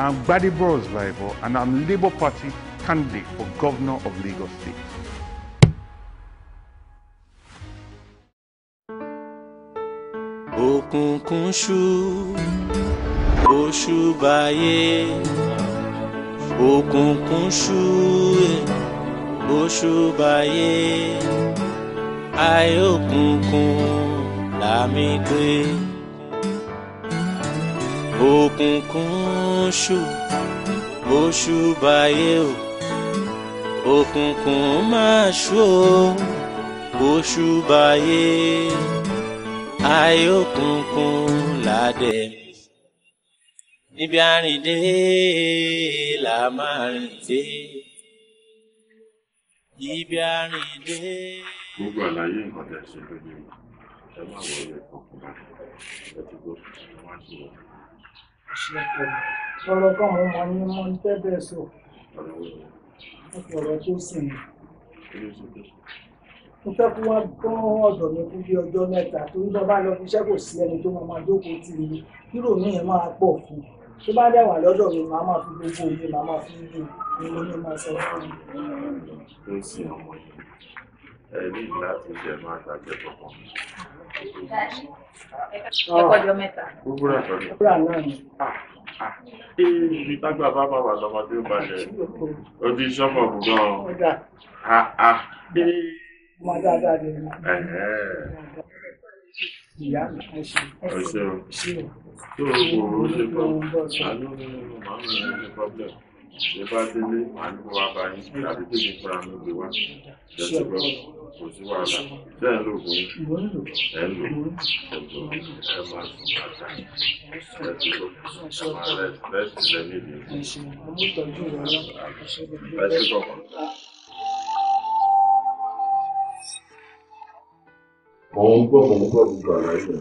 I'm Gbadebo Osvaivo, and I'm Labour Party candidate for Governor of Lagos State. Òkùnkùn ṣú, oṣù báyé. Òkùnkùn ṣú, oṣù báyé. Ayé òkùnkùn là mí gbé òkùnkùn ṣù oṣù báyé o òkùnkùn máa ṣù o oṣù báyé ayé òkùnkùn ládẹ níbi àrìndé là máa rìn dé níbi àrìndé. gbogbo àlàyé nǹkan tẹ̀ ṣe lónìí ẹ má wọlé ọkùnrin ẹ ti gbọ́ ẹ wá sí wọn ọ̀rọ̀ káwọn ọmọ ní mọ́ ní tẹ́bẹ̀ẹ́ sọ ọ̀rọ̀ tó sìn mo fẹ́ kó wá gbọ́n ọ̀dọ̀ mi kú bí ọjọ́ mẹ́ta lọ fi iṣẹ́ kò sí ẹni tó máa jókòó tì mí kírò mi máa pọ̀ fún tó bá dẹ̀ wà mi màá máa fi gbogbo omi màá máa fi gbé omi ní máa sọ fún mi. ẹ ní láti jẹ máa ṣàjẹpọ̀ kan. Gbogbo Ibi tágbà bá bàbà lọ́mọ tí ó balẹ̀. O ti sọ́mọ̀ bù gan. Ọmọ dáadáa ni. Ìyá mi ẹ ṣe. Ẹ ṣe o ṣe délé màá ní bá yín tàbí tí fúnra mi gbé wá jẹ́sí gbọ́ kò sí wàhálà ṣé ń lò fún ẹ̀ ń lò ọ̀dọ̀ ẹ̀ máa sùn àtà ẹ̀ ti lò máa rẹ̀ rẹ̀ sílẹ̀ nídìí ẹ̀ ti Mo ń gbọ́ mo ń gbọ́ gbogbo àlàyé.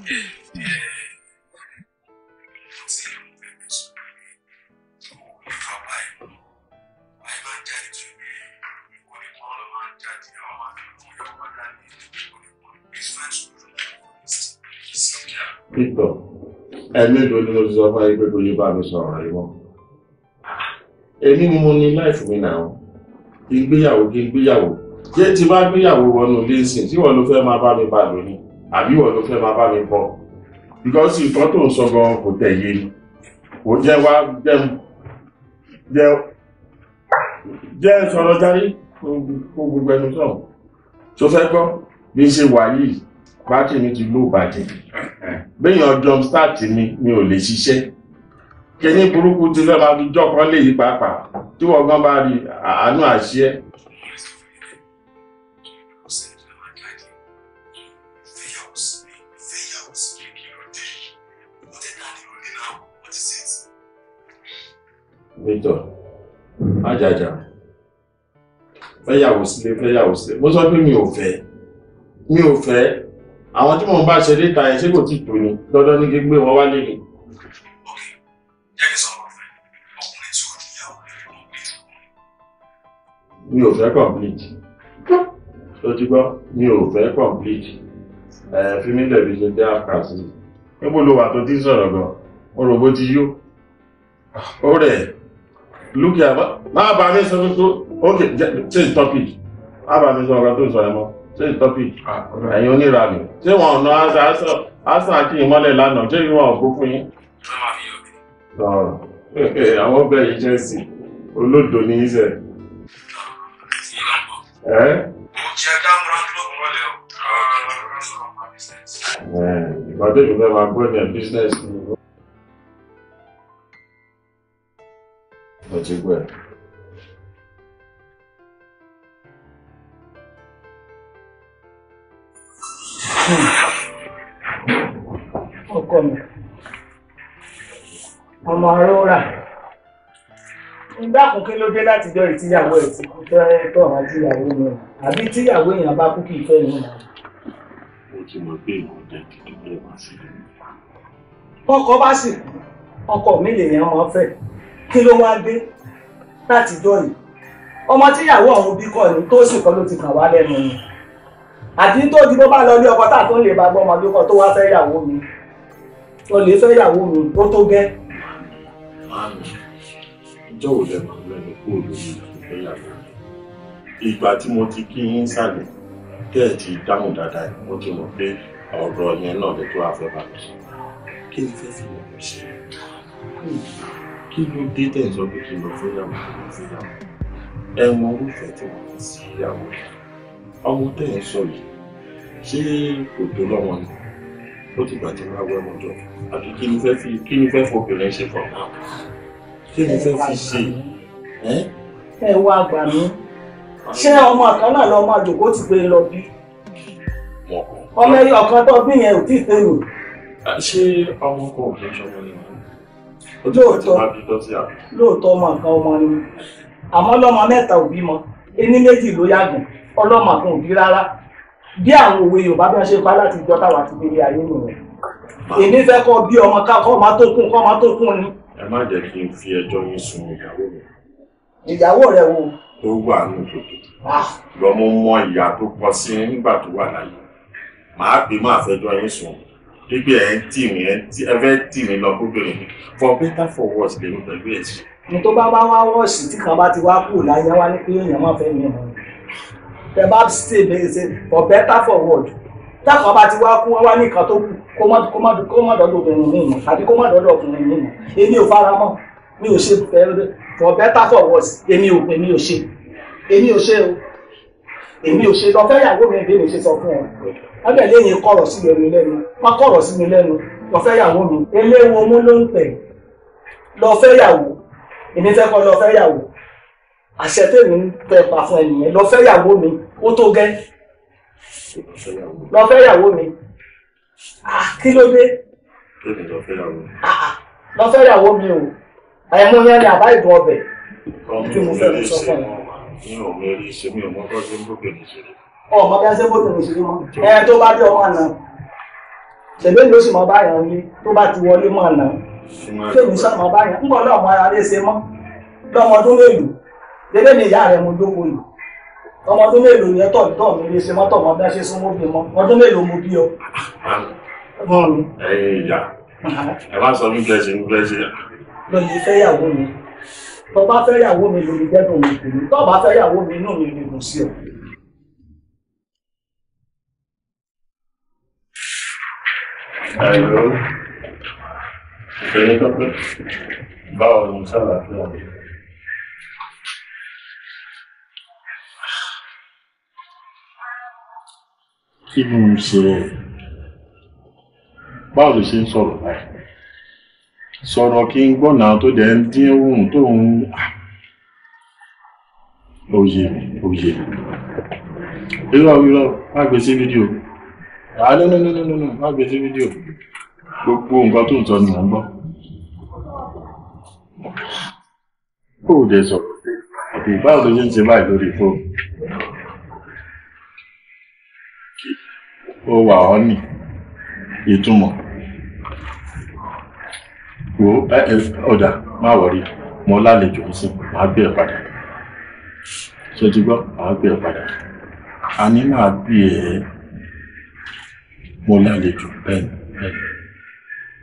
pípọ̀ ẹ̀mẹ́lò ni mo ti sọ fún ayé pé kò yí bá mi sọ̀rọ̀ rẹ̀ mọ́ èmi ni mo ní láìfù mi náà kí n gbéyàwó kí n gbéyàwó ṣé tí bá gbéyàwó wọnú ilé ìsìn tí wọn ló fẹ́ máa bá mi bá lónìí àbí wọn ló fẹ́ máa bá mi bọ̀ because nǹkan tó ń sọ gan kò tẹ̀ yé mi kò jẹ́ wá jẹ́ jẹ́ jẹ́ sọ̀rọ̀ járí kó gbogbo ẹnu sọ̀rọ̀ tó fẹ́ gbọ́ bí ṣe wà yìí bá tèmi ti lóò bàjẹ́ béèyàn jump start mi mi ò lè ṣiṣẹ́ kẹ́ni burúkú ti fẹ́ máa fi jọ́kan léyìí pàápàá tí wọ́n gan bá rí àánú àṣẹ. Victor, ajaja, fẹ́yàwó sílé fẹ́yàwó sílé, mo sọ pé mi ò fẹ́, mi ò fẹ́ àwọn tí mò ń bá ṣe léta ẹ̀ ṣé kò tí tò ní dandan ní gbígbé wọn wálé ni. mi ò fẹ́ complete tó ti gbọ́ mi ò fẹ́ complete ẹ̀ fi mí lẹ̀bi ṣe dé àkàsí níbo ló wà tó ti sọ̀rọ̀ gan o rò bó ti yó ó rẹ̀ lúkìá má bàa mi sọ pé ok change topic má bàa mi sọ ọ̀rọ̀ tó ń sọ ẹ̀ mọ́ ṣé ìtọ́pì ẹ̀yin oníranù ṣé wọn ọ̀nà àṣà àṣà kí n mọ́lẹ̀ lánàá ṣé ìwọ̀n ògbó fún yín. àwọn ọgbẹ́ yìí jẹ́ sí olódo ní ìṣẹ̀. mo jẹ́ dámúra club mọ́lẹ̀ o ìgbà tó ìgbà máa gbọ́ ní business. ọ̀jẹ̀gbẹ́. ọkọ mi ọmọ aróra dákun kí ló dé láti jọ ìtìyàwó ẹ ti kú tẹ́rẹ́ tó àwọn àtìyàwó mi rẹ̀ àbí tíyàwó èèyàn bá kú kí ìfẹ́ mi rẹ̀. mo ti mọ pé ìwọ jẹ kíkí bẹ́ẹ̀ wá sí i. ọkọ bá sì kú ọkọ mi lèèyàn máa fẹ́ kí ló wá dé láti jọ yìí ọmọ tíyàwó ọ̀hún bí kọ́ ni tó sì kọ́ ló ti kàn wá lẹ́nu yìí àti tó ti bá lọ ilé ọkọ tá a tún lè bá gbọ́ ọmọ bí tó wá fẹ́ ìyàwó mi o lè fẹ́ ìyàwó mi ó tó gẹ́. ìgbà tí mo ti kí yín sàlẹ̀ tẹ́ ẹ̀ ti dáhùn dáadáa mo ti mọ̀ pé ọ̀rọ̀ yẹn náà lè tó àfẹ́fà lọ kí ni fẹ́ fi wọ́n lọ ṣe kí ló dé tẹ̀ pé kí n lọ fún ìyàwó kí n lọ fún ìyàwó ẹ mọ tí wọ́n fi sí ìyàwó yẹn ọmọ tẹ̀ ń sọ yìí ṣé kò tó lọ́wọ́ ni ó ti gbà tí wọ́n á wẹ́ ọmọ jọ àbí kí ni fẹ́ fi kí ni fẹ́ fọbìnrin ṣe fọ̀ náà kí ni fẹ́ fi ṣe ẹ wá àgbà mi ṣé ọmọ kan náà lọmọ àjòkó ti pé e lọ bí ọmọ ẹyọ kan tó bí yẹn ò tí ì pé mi. ṣé ọmọ kan kí ń ṣọmọ ni lóòótọ́ lóòótọ́ ọmọ nǹkan ọmọ ni àmọ́ lọ́mọ mẹ́ta ò bímọ ẹni méjì ló yàgùn ọlọ́mọ àfún òbí rárá bí àwọn òwe Yorùbá bí wọ́n ṣe pa láti ìjọ táwa ti délé ayé nìyẹn èmi fẹ́ kọ́ bí ọmọ ká kọ́ ọmọ tó kún kọ́ ọmọ tó kún ni. ẹ má jẹ́ kí n fi ẹjọ́ yín sun ìyàwó mi. ìyàwó rẹ wo. tó wà ní òdòdó ah. lọmọ mọ ìyá tó pọ̀ sí nígbà tó wà láyé màá pè má fẹjọ́ yín sùn gbígbé ẹ ń tì mí ẹ fẹ́ tì mí lọ gbóbìnrin mi for better for worse lèmi pẹ̀lú ẹ̀sìn. ní tó bá wá wọ́ọ̀sì tí kan bá ti wá kù láyé wá ní pé èèyàn má fẹ́ mi mọ̀ The bá stay bẹ́ẹ̀ ṣe for better for world táwọn bá ti wá kún wọn wá ní nǹkan tó kù kó má kó má kó má dọ́dọ̀ obìnrin mi mọ̀ àbí kó má dọ́dọ̀ ọkùnrin mi mọ̀ èmi ò fara mọ́ mi ò ṣe for better for worse èmi ò èmi ò ṣe èmi ò ṣe o èmi ò ṣe lọ fẹ́ yàwó mi bí mi ṣe sọ fún ọ ẹgbẹ́ lẹ́yìn kọ̀rọ̀ sí mi lẹ́nu má kọ̀rọ̀ sí mi lẹ́nu lọ fẹ́ yàwó mi eléwo mú ló ń tẹ̀ lọ fẹ́ yàwó èmi fẹ́ kọ́ lọ fẹ́ yàwó àṣẹ tèmi ń tẹ pa fún ẹnìyẹn lọ fẹ́ yàwó mi ó tó gẹ́ lọ fẹ́ yàwó mi kí ló dé lọ fẹ́ yàwó mi o ẹ̀mú yẹn ni àbá ìbọn ọbẹ̀ kí mo fẹ́ mi sọ fún ẹ. ọmọ bí a ṣe bó tẹ̀lé ìṣèlú mọ́ ẹ tó bá dé ọmọ àná ṣèlú ìlú sì mọ báyọ̀ ní tó bá ti wọlé mọ́ àná fèmí sọ mọ báyọ̀ ń bọ̀ lọ́mọ ara rẹ̀ ṣe mọ́ lọ́mọdún mélòó débé ni ìyá rẹ̀ mo jókòó yìí ọmọ ọdún mélòó ni ẹ tọ̀ tọ̀ mi lè ṣe mọ́tọ̀ mọ́ bí wọ́n ṣe sún mọ́ bí mọ́ ọdún mélòó mo bí ọ. ẹ̀yin ìyá ẹ bá sọ mí gẹ̀ẹ́sì ń gẹ̀ẹ́sì. lóyún fẹ́ yàwó mi tó bá fẹ́ yàwó mi lórí gẹ́dùn mi kò ní tó bá fẹ́ mi inú mi ni mo sí ọ. Báwo ni mo sábà fi hàn? kí ni mo ṣe ẹ báwo ló ṣe ń sọ̀rọ̀ báyìí sọ̀rọ̀ kí n gbọ́nà tó dẹ̀ ń dín ohun tó ń òye òye irọ́ irọ́ má gbé sí fídíò ah no no no no no má gbé sí fídíò gbogbo nǹkan tó ń sọ ni mò ń gbọ́ ó dẹ̀ sọ̀rọ̀ báwo ló ṣe ń ṣe báyìí lórí fóònù. ó wà ọ́ nì ìtumọ̀ wò ọ̀dà má wọ̀rí mo lálejò sí màá gbé padà ṣe ti gbọ́ gbé ẹ padà a ní màá bí ẹ mo lálejò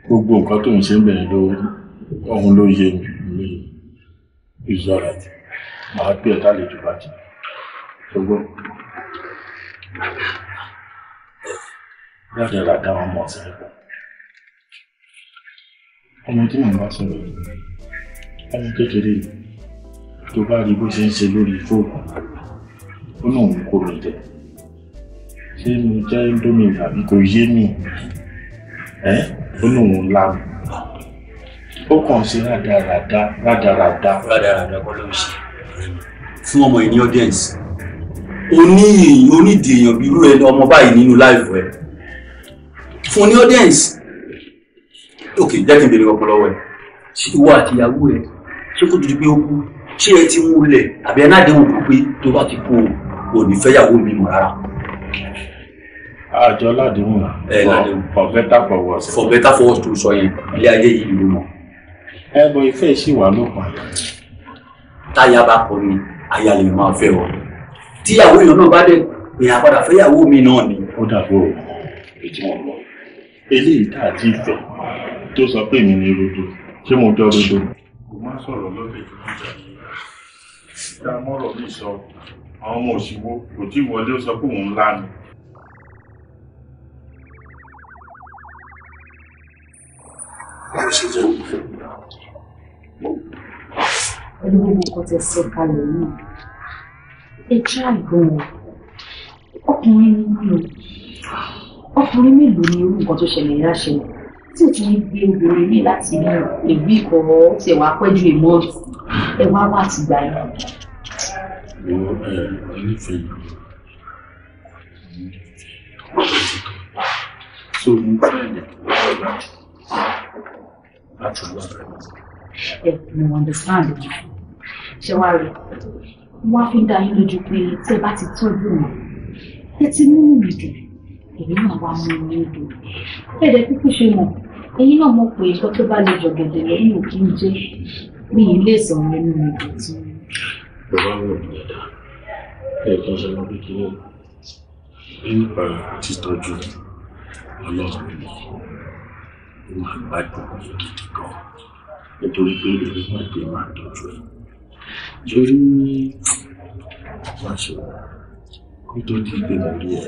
gbogbo nǹkan tó ń ṣe ń bẹ̀rẹ̀ ló ọ̀hún ló yé mi ìzọ̀rọ̀ màá gbé ẹ̀ lálejò bá bí a dá wọn mọ̀ ọ̀sẹ̀ pọ̀. ọmọ tí mò sọ̀rọ̀ yìí ọmọ kékeré tó bá rí bó ṣe ń ṣe lórí fóònù ó náà ń kó mi jẹ ṣé mo jẹ́ indomie àbí kò yé mi ẹ́ ó náà ń lámù ó kàn sí rádaràda rádaràda. rádaràda kọ́ ló ń ṣe fún ọmọ yìí ní audience oníyìn onídìí èèyàn bíi irú ẹ ọmọ báyìí nínú láìpẹ́ fún ní audience. ok jẹ́ kí n bèrè ọpọlọ wẹ̀. ṣé ìwọ àti ìyàwó ẹ ṣé kó dúdú pé ó kú ṣé ẹ ti múlẹ̀ àbí ẹ náà dé òkú pé tó bá ti kú o ò ní fẹ́ yàwó mi mọ̀ rárá. àjọ ládìmú for better for worse. for better for worse tó sọ yẹn ilé ayé yìí ló mọ. ẹ bọ ìfẹ́ ìṣì wà lópin. táyà bá kọ ni aya lè máa fẹ́ ọ tíyàwó èèyàn náà bá dẹ̀ pé àpadà fẹ́yàwó mi náà ni. ó dàbí òun èyí tí eléyìí tá a ti fẹ́ tó sọ pé mi ni rodo ṣé mo jọ rodo. kò má sọ̀rọ̀ lọ́dẹ̀ tó ń jà yìí dá mọ́rọ̀ mi sọ àwọn ọmọ òṣìwò kò tí ì wọlé ó sọ pé òun ńlá ni. báwo ṣe jẹ́ pẹ̀lú gbogbo nǹkan tẹ̀ sọ kalẹ̀ yìí ẹ jẹ́ àìgbọ̀n ọkùnrin ni mi ò ọkùnrin mélòó ni irú nǹkan tó ṣẹlẹ̀ yẹn á ṣẹlẹ̀ tí ò ti ní gbé obìnrin ní láti ní ègbé ìkọ̀ tí ẹ̀wà pẹ́jù èmọ́ ẹ̀wà wà ti gbà yẹn. wo ẹ onífẹ̀ẹ́ yìí so mo fẹ́ ẹ̀yẹ̀ láti wá rẹ̀. ẹ mo understand ṣé wàá rí wọn á fi dá yín lójú pé tẹ bá ti tọ́jú wọn ẹ ti mú mi dùn èmi náà wá mú ní odò ẹ̀ẹ́dẹ̀ kúkú ṣe mọ̀ ẹ̀yin náà mọ̀ pé nǹkan tó bá lè jọ̀gẹ̀dẹ̀ lẹ́yìn òkè ń jẹ́ mi ì lè sọ nínú odò tí. bàbá mi ò dẹ̀dá ẹ̀ kí n ṣe wọn kékeré nípa títọ́jú ọlọ́run mi ó máa gbádùn mi gidi gan nítorí pé èmi náà dé máa tọ́jú ẹ̀ lórí máa kó tó di ìgbéyàwó ẹ̀.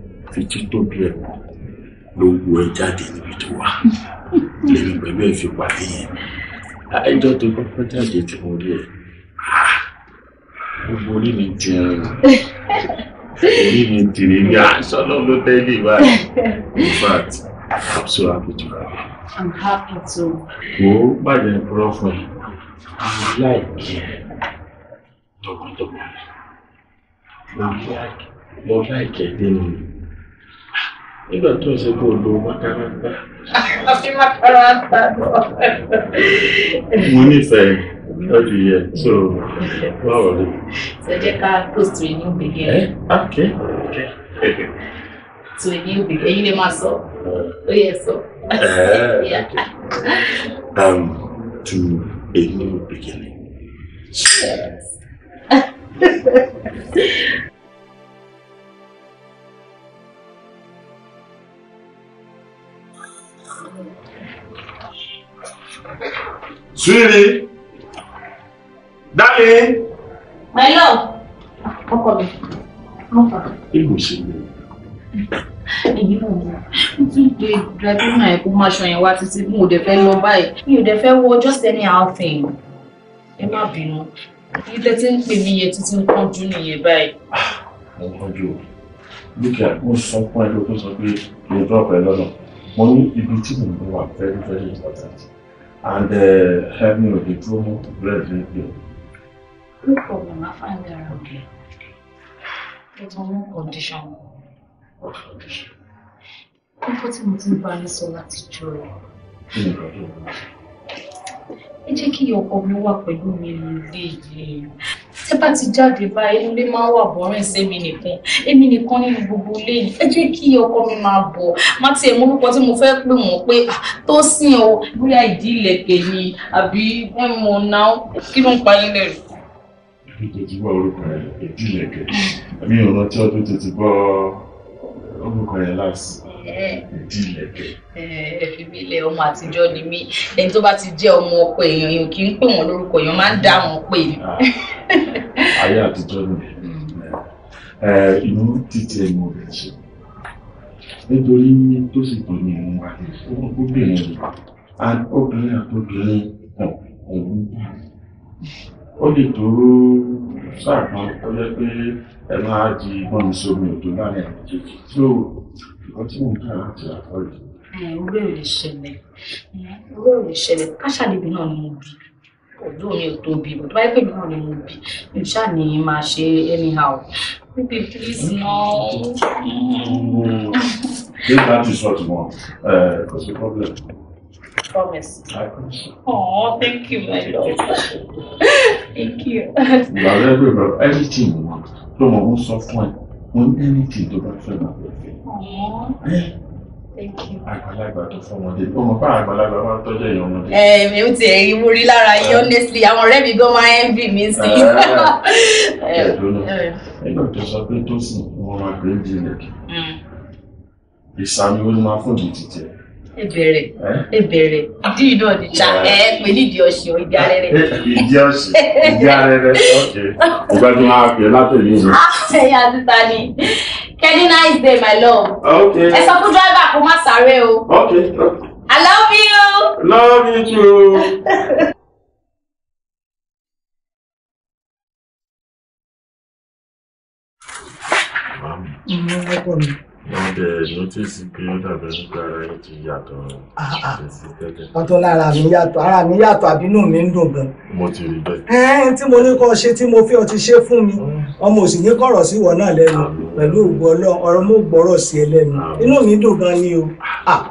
fi títóbi ẹ̀ mọ́ ló wo ẹ jáde níbi tó wà lẹ́nu pẹ̀lú ẹ̀ fi pàdé yẹn ẹjọ́ tó kọ́kọ́ jáde tí mo rí ẹ̀ ah, gbogbo orí mi ti rìn orí mi ti rìn ní aṣọ́nà ló tẹ́lẹ̀ báyìí in fact I'm so happy to have you. I'm happy too. Wò ó bàjẹ́ ìpúrọ̀ fún ẹ, àwọn láìkí ẹ tọkàntọkàn. Mo láìkí ẹ dénú mi nígbà tó ń ṣe kó o lo makaranta. a fi makaranta lọ. mo nífẹ̀ẹ́ lọ́dún yẹn so báwo ni. so jẹ́ ká post to a new beginning. ẹ ok ok. to a new beginning ẹ̀yin lè máa sọ ó yẹ sọ. um to a new beginning. Yes. Sweetie. Darling. My love. Ọkọ mi. Ìlú ṣe ń bẹ̀rẹ̀. Èyí náà ni. Mo ti ń pe driver náà kó máa ṣọyìn wá títí mo ò dẹ̀ fẹ́ lọ báyìí. Mi ò dẹ̀ fẹ́ wọ just anyhow thing. Ẹ má bínú. Ibi tẹ́ ti ń pè mí yẹn títí ń kánjú nìyẹn báyìí. Ah, mo kánjú o. Dúkìá mo sọ fún ẹ lókun sọ pé mo dọ́ọ̀pẹ́ lọ́nà. Money ní ibi tí mo gbé wà very very important and help me with the promo bread ní ìgbé. no problem i find out okay but on one condition. what condition. kókó tí mo ti ń bá yín sọ láti jọ rẹ. kí ni ìgbàdúrà. ẹ jẹ́ kí ọkọ mi wà pẹ̀lú mi nílé yìí tẹ́ bá ti jáde báyìí inú ilé máa ń wà bọ́rìn sẹ́mi nìkan èmi nìkan nínú gbogbo ilé yìí ẹ jẹ́ kí ọkọ mi máa bọ̀ má tiẹ̀ mú orúkọ tí mo fẹ́ pè wọ́n pé ah, tó sìn o bóyá ìdí ìlẹ̀kẹ̀ ni àbí ẹ̀mọ̀ náà kí ló ń pa yín lẹ́rù. ìdèjì wà orúkọ rẹ ìdí ìlẹ̀kẹ̀ àmì ìrànlọ́ tí ọdún tó ti bọ́ orúkọ rẹ láti ìdí ìlẹ̀kẹ̀. ẹ fi mí lẹ ọmọ àtijọ́ ni mí ẹni tó bá ti jẹ́ ọmọ ọkọ èèyàn èèyàn kì í pè wọ́n lórúkọ èèyàn máa ń dá wọn pè ní. Ah, ayé àtijọ́ ni inú títí ẹ̀mọ́ rẹ̀ ṣe nítorí tó sì tó ní ìwọ̀n wáyé obìnrin obìnrin àtobìnrin òun ó lè tó sáà kan tó yẹ pé ẹ máa di ìbọn mi sómi òdò láàrin àwọn méjèèjì tí ó ìbọn tí mò ń kà láti àkọọ́lẹ̀. ọgbẹ́ ò lè ṣẹlẹ̀ ọgbẹ́ ò lè ṣẹlẹ̀ káṣáàdìbì náà ni mo bí i ọdún yẹn tó bí bọ̀ tó bá yẹ pé mímọ̀ ni mo bí mi ṣáà ní máa ṣe anyhow níbi please no. ṣé ìgbà tí sọ ti mọ ẹ kò sí problem. Promise. Oh, thank you, my love. thank you. Ìgbà anything you want. mọ̀ ń sọ fún ẹ̀ mo anything tó bá fẹ́ máa bẹ̀rẹ̀ àgbàlagbà tó fọmọdé ó mọ pé àgbàlagbà máa ń tọ́jú èèyàn ọmọdé. ẹ mi ò tiẹ̀ rí mo rí lára yín honestly àwọn ọ̀rẹ́ mi gan máa ń envy mi sí i. nígbà tó sọ pé tó sìn wọn máa gbé jinlẹ̀ mm. ìsàmì wo ni máa fún ìdí títẹ̀. ẹ bẹ̀rẹ̀ ẹ bẹ̀rẹ̀ ìdí iná ni ta ẹ pè ní ìdí ọ̀sìn ìdí arẹrẹ. ìdí ọ̀sìn ìdí arẹrẹ ok ìgbàdùn máa pè látòlí mi. ẹyà títa ni Kẹ́ni nice day, my love. Okay. Ẹ sọ driver, dírẹ́bà kó má o. Okay. I love you. Love you too. mo ti sì pé ó dàbí ẹni pé ara yín ti yàtọ̀ sí tẹ́lẹ̀. ọ̀tọ̀ lára mi yàtọ̀ ara mi yàtọ̀ àbínú mi ń dùn gan. mo ti rí bẹ́ẹ̀. ẹ́ẹ́n tí mo ní kọ́ ṣe tí mo fi ọtí ṣe fún mi mm. ọmọ òsì ní kọ̀rọ̀ sí ìwọ náà lẹ́nu pẹ̀lú ògbó ọlọ́run ọ̀rọ̀ mo gbọ́rọ̀ sí ẹ lẹ́nu inú mi dùn gan ni o. Ah,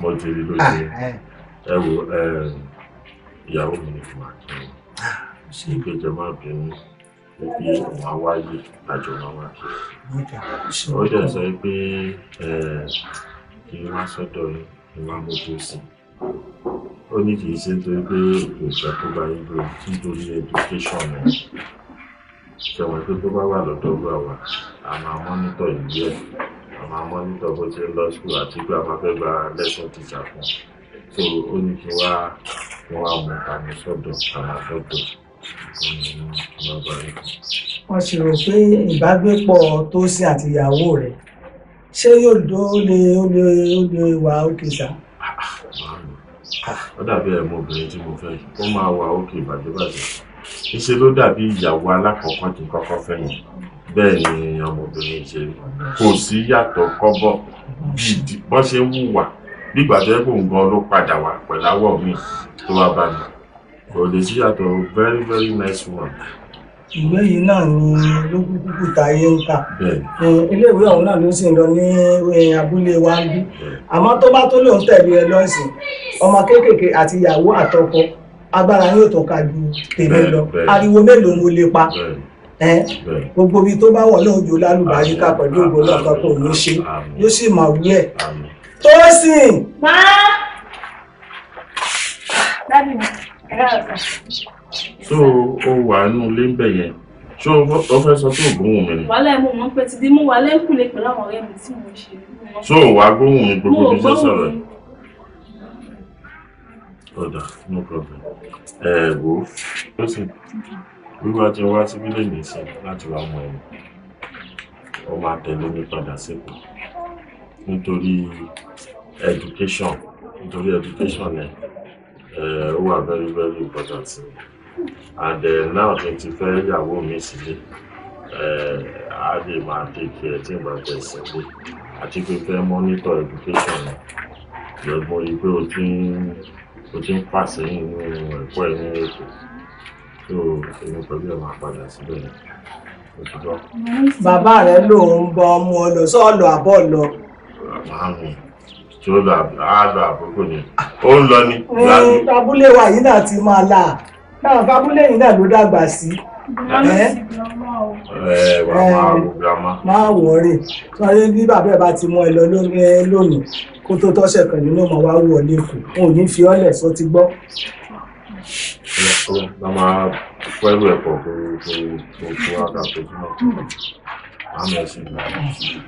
mo ti rí lóye ah, ẹ wo ìyàwó mi ni fún wa ah, ìgbẹ́jọ́ má bínú ẹbí máa wáyé àjọ máa wá ó dẹ̀ sọ pé kí n wá sọ́dọ̀ yín kí n wá mójú sí ó ní kì í ṣe nítorí pé ètò ìṣẹ́ tó bá yín lò nítorí education ẹ̀ ṣẹ̀wọ̀n pé tó bá wà lọ́dọ̀ wà wá a máa mọ́nítọ̀ ìlú ẹ̀ a máa mọ́nítọ̀ bó ṣe lọ school àti pé a máa fẹ́ gba lesson teacher fún un so ní kí wá wọ́n wá mú ta ní sọ́dọ̀ wọ́n sì rò pé ìbágbépọ̀ Tósìn àti ìyàwó rẹ̀ ṣé yóò dó lè ó lè ó lè wà òkè sá. ó dàbí ẹ̀mọ obìnrin tí mo fẹ́ ó máa wà òkè bàjẹ́bàjẹ́ ìṣe ló dàbí ìyàwó alákọ̀ọ́kọ́ tí kọ́kọ́ fẹ́ yẹn bẹ́ẹ̀ ni ọmọbìnrin ṣe rí kò sí yàtọ̀ kọ́bọ̀ bọ́n ṣe ń wùwà bí ìgbà tó yẹ kó ń gan ló padà wà pẹ̀láwọ̀ mi tó wá bá mi kò lè ṣíyàtọ̀ very very nice one. ìwé yìí náà ni lókùkùkù táyé ń kà iléèwé ọ̀hún náà ló sì ń lọ ní abúlé wa ń bí àmọ́ tó bá tó lóun tẹ̀lé ẹ lọ́sìn ọmọ kéékèèké àti ìyàwó àtọkọ agbára yóò tó ka ju tèmi lọ ariwo mélòó mo lè pa gbogbo ibi tó bá wọ̀ náà jò lálùbáyé ká pẹ̀lú ògbó náà kan kò ní ṣe yóò sì mà wí ẹ̀ tó sìn. Dábì mi so o wà nínú ilé ń bẹ̀ yẹn ṣé o fẹ́ sọ pé ògbóhùn mi ni. wàhálà mo mọ̀ pé ti di mú wàhálà ẹ̀kú lè pẹ̀lú àwọn ọ̀rẹ́ mi tí mo ṣe. so wàá gbóhùn mi gbogbo bí ṣe sọ̀rọ̀ yìí. ọ̀dà no problem. ẹ wo ó sì wíwá tí wá sí bílẹ̀ mi sí láti wá mọ ẹni ó máa tẹ̀lé mi padà sípò nítorí education nítorí education ẹ̀. uh, eh, who very, very important And uh, now, twenty five year old mi sílé eh, a lè take care tí ìgbà tẹ̀ àti pé fẹ́ monitor education pé o ti ń o ti ń pàṣẹ nínú ẹ̀kọ́ ẹ̀ ní èkó tó èmi pẹ̀lú ẹ̀ máa padà síbẹ̀ yẹn bàbá rẹ lòun bọ ọmọ sọ àbọ tí ó lọ àbúrò á lọ àbúrò ni ó ń lọ ní. abúlé wa yìí náà ti máa là náà fábúlé yìí náà ló dàgbà sí. máa wọ̀ rè bí bàbá ẹ̀ bá ti mú ẹ lọ lónìí kó tó tọ́sẹ̀ kan nínú ọmọ wa wọ̀ lẹ́kọ̀ọ́ wọn ò ní fi ọ́ lẹ̀ sọ ti gbọ́ la máa pẹ́lú ẹ̀kọ́ fún fún fún wákàtí náà ọlọ́run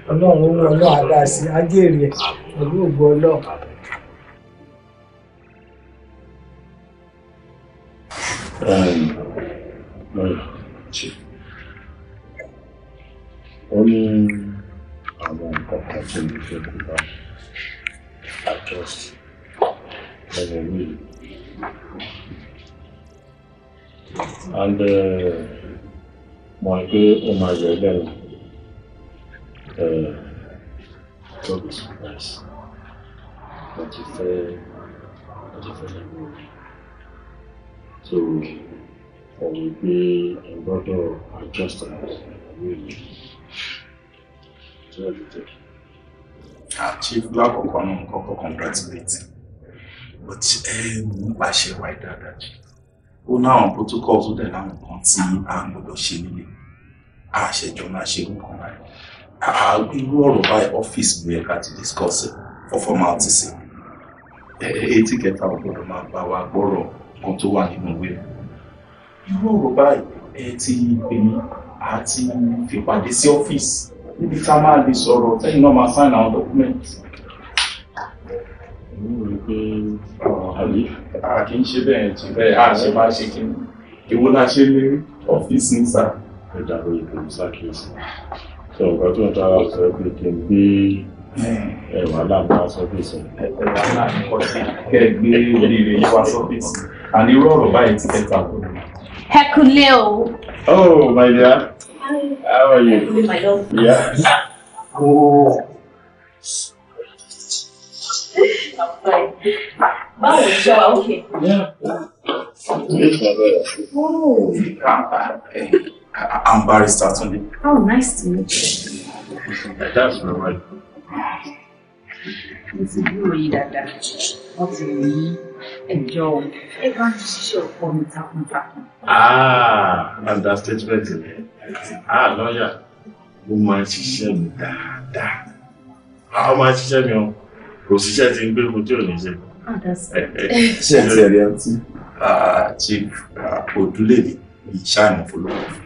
ó rán ọlọ́run àdá sí ajéèrè ẹ̀ pẹ̀lú ògbó ọlọ́run. ó ní àwọn nǹkan kan tó ní fẹ́ kó bá àjọsí ẹ̀rọ mi. and mo àgbẹ̀ ọmọ àgbẹ̀ lẹ́nu. Uh, God was nice. Wọ́n ti fẹ́ wọ́n ti fẹ́ lẹ́nu rẹ̀. So, ọ̀rọ̀ pé I gbọ́dọ̀ adjust our way. So, everything. Ah, Chief lákọ̀ọ́kọ́ náà kọ́kọ́ congratulate but nípa eh, ṣe wà dáadáa ó náwọn protocol tó dẹ̀ láwọn kan tí a gbọ́dọ̀ ṣe nílé àṣẹjọ máa ṣe orúkọ láì irú ọ̀rọ̀ báyìí ọ́fíìsì ló yẹ ká ti discuss for formality sí etí kẹta ọ̀gbọ̀dọ̀ máa bá wa gbọ́rọ̀ kan tó wà nínú ìwé irú ọ̀rọ̀ báyìí ẹ ti pè mí àti fìpàdé sí ọ́fíìsì níbi ká máa lè sọ̀rọ̀ lẹ́yìn náà máa sign àwọn documents. èmi ò rí pé uh, àlè a kì í ṣe bẹ́ẹ̀ tí bẹ́ẹ̀ a ṣe máa ṣe kí ni ìwọ náà ṣe ní ọ́fíìsì ń sà. ẹ dàrú ìpolúsà kí sọ nǹkan tó ń tara sọ pé kí n gbé hmm. ẹ̀wà láǹkà sọ́fíìsì. ẹ̀wà náà ní kọ́sí kẹ́ ẹ gbé oríire yìí wá sọ́fíìsì àní irú ọ̀rọ̀ báyìí ti kẹta kù. ẹ kú o. oh my dear how are you. my love. yeah. oh. I'm fine. báwo ni ṣe wa okay. yeah. yeah. Oh. I'm Barrister Tunde. Oh, nice to meet you. That's my wife. Mo ti dúró yìí dáadáa, wọ́n ti rí ẹjọ́ ẹ bá ń ṣiṣẹ́ ọ̀pọ̀ mi takuntakun. Ah, understatement ni. Ah, lọ́ọ̀yà, mo máa ń ṣiṣẹ́ mi dáadáa. Àwọn ah, máa ń ṣiṣẹ́ she o, kò síṣẹ́ tí ń gbé mo tí ò ní ṣe. Ah, eh, eh. Ṣé Ah, chief. ẹ̀rí ah, ọtí? Chief shine ìṣàìmọ̀ fọlọ́wọ́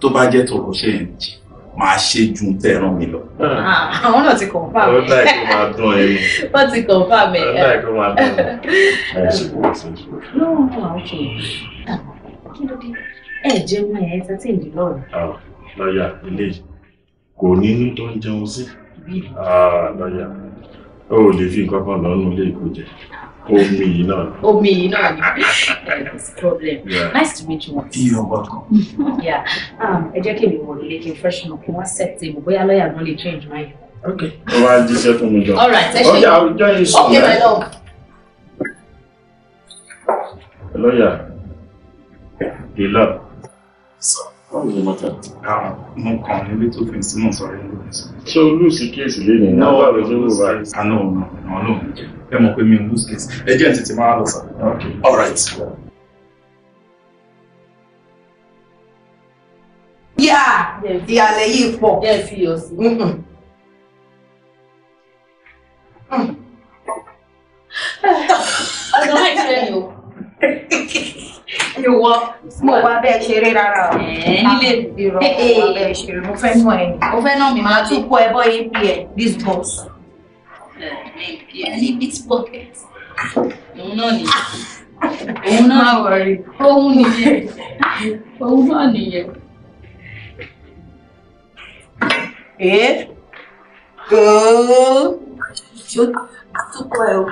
tó bá jẹ́ tòrò ṣe ń jì máa ṣe ju tẹ̀ràn mi lọ. Ah, ah, àwọn náà ti confirm ẹ. ọ̀rọ̀ láìpẹ́ máa dùn ẹ. wọ́n ti confirm ẹ. ọ̀rọ̀ láìpẹ́ máa dùn ẹ. lọ́wọ́ àwọn ọkọ̀ kí ló dé ẹ jẹun ẹ entertain mi lọ́rùn. Ah, lọ́ọ̀yà eléyìí kò nínú tó ń jẹun sí. lọ́ọ̀yà o lè fi nǹkan kan lọ́nu ilé ìkó jẹ. Oh me, náà. Omi yìí náà ni. It's problem. Yeah. Nice to meet you once. You're welcome. yeah. Um, ẹ jẹ́ kí èmi wọlé lé kí n freshen up kí wọ́n set table bóyá lọ́ọ̀yà náà lè change my. Okay. All right. This is for mi jọ. All right, ẹ ṣe. Okay, I will join you soon. Okay, my love. lawyer. the love. So. How is the Ah, mo kàn nílé tó fi sínú sọ̀rọ̀ yìí lónìí sọ. Ṣé o lose case lé ní ìnáwó? Náà wà lójú wò wá. Àná ọ̀nà ọ̀nà ọ̀nà ẹ mọ̀ pé mi ò lose case. Ẹ jẹ́ ǹtí máa lọ sọ. All right. Yá ìyàlẹ̀ yìí pọ̀. Yẹ́ fi yọ sí. Àgbọ̀n àìsí ẹni o. Ìwọ mo wá bẹ́ẹ̀ ṣeré rárá o. Nílé ìrọ̀ mo wá bẹ́ẹ̀ ṣeré mo fẹ́ nù ẹ̀. Mo fẹ́ nà mí. Màá tún kó ẹ bọ́ APN this box. Ẹni bit pocket. Òun náà nìyẹn. Ah. Òun náà wọ̀rí. Òun nìyẹn. Òun náà nìyẹn. Ee ooo oh. ṣó tún kọ ẹ o.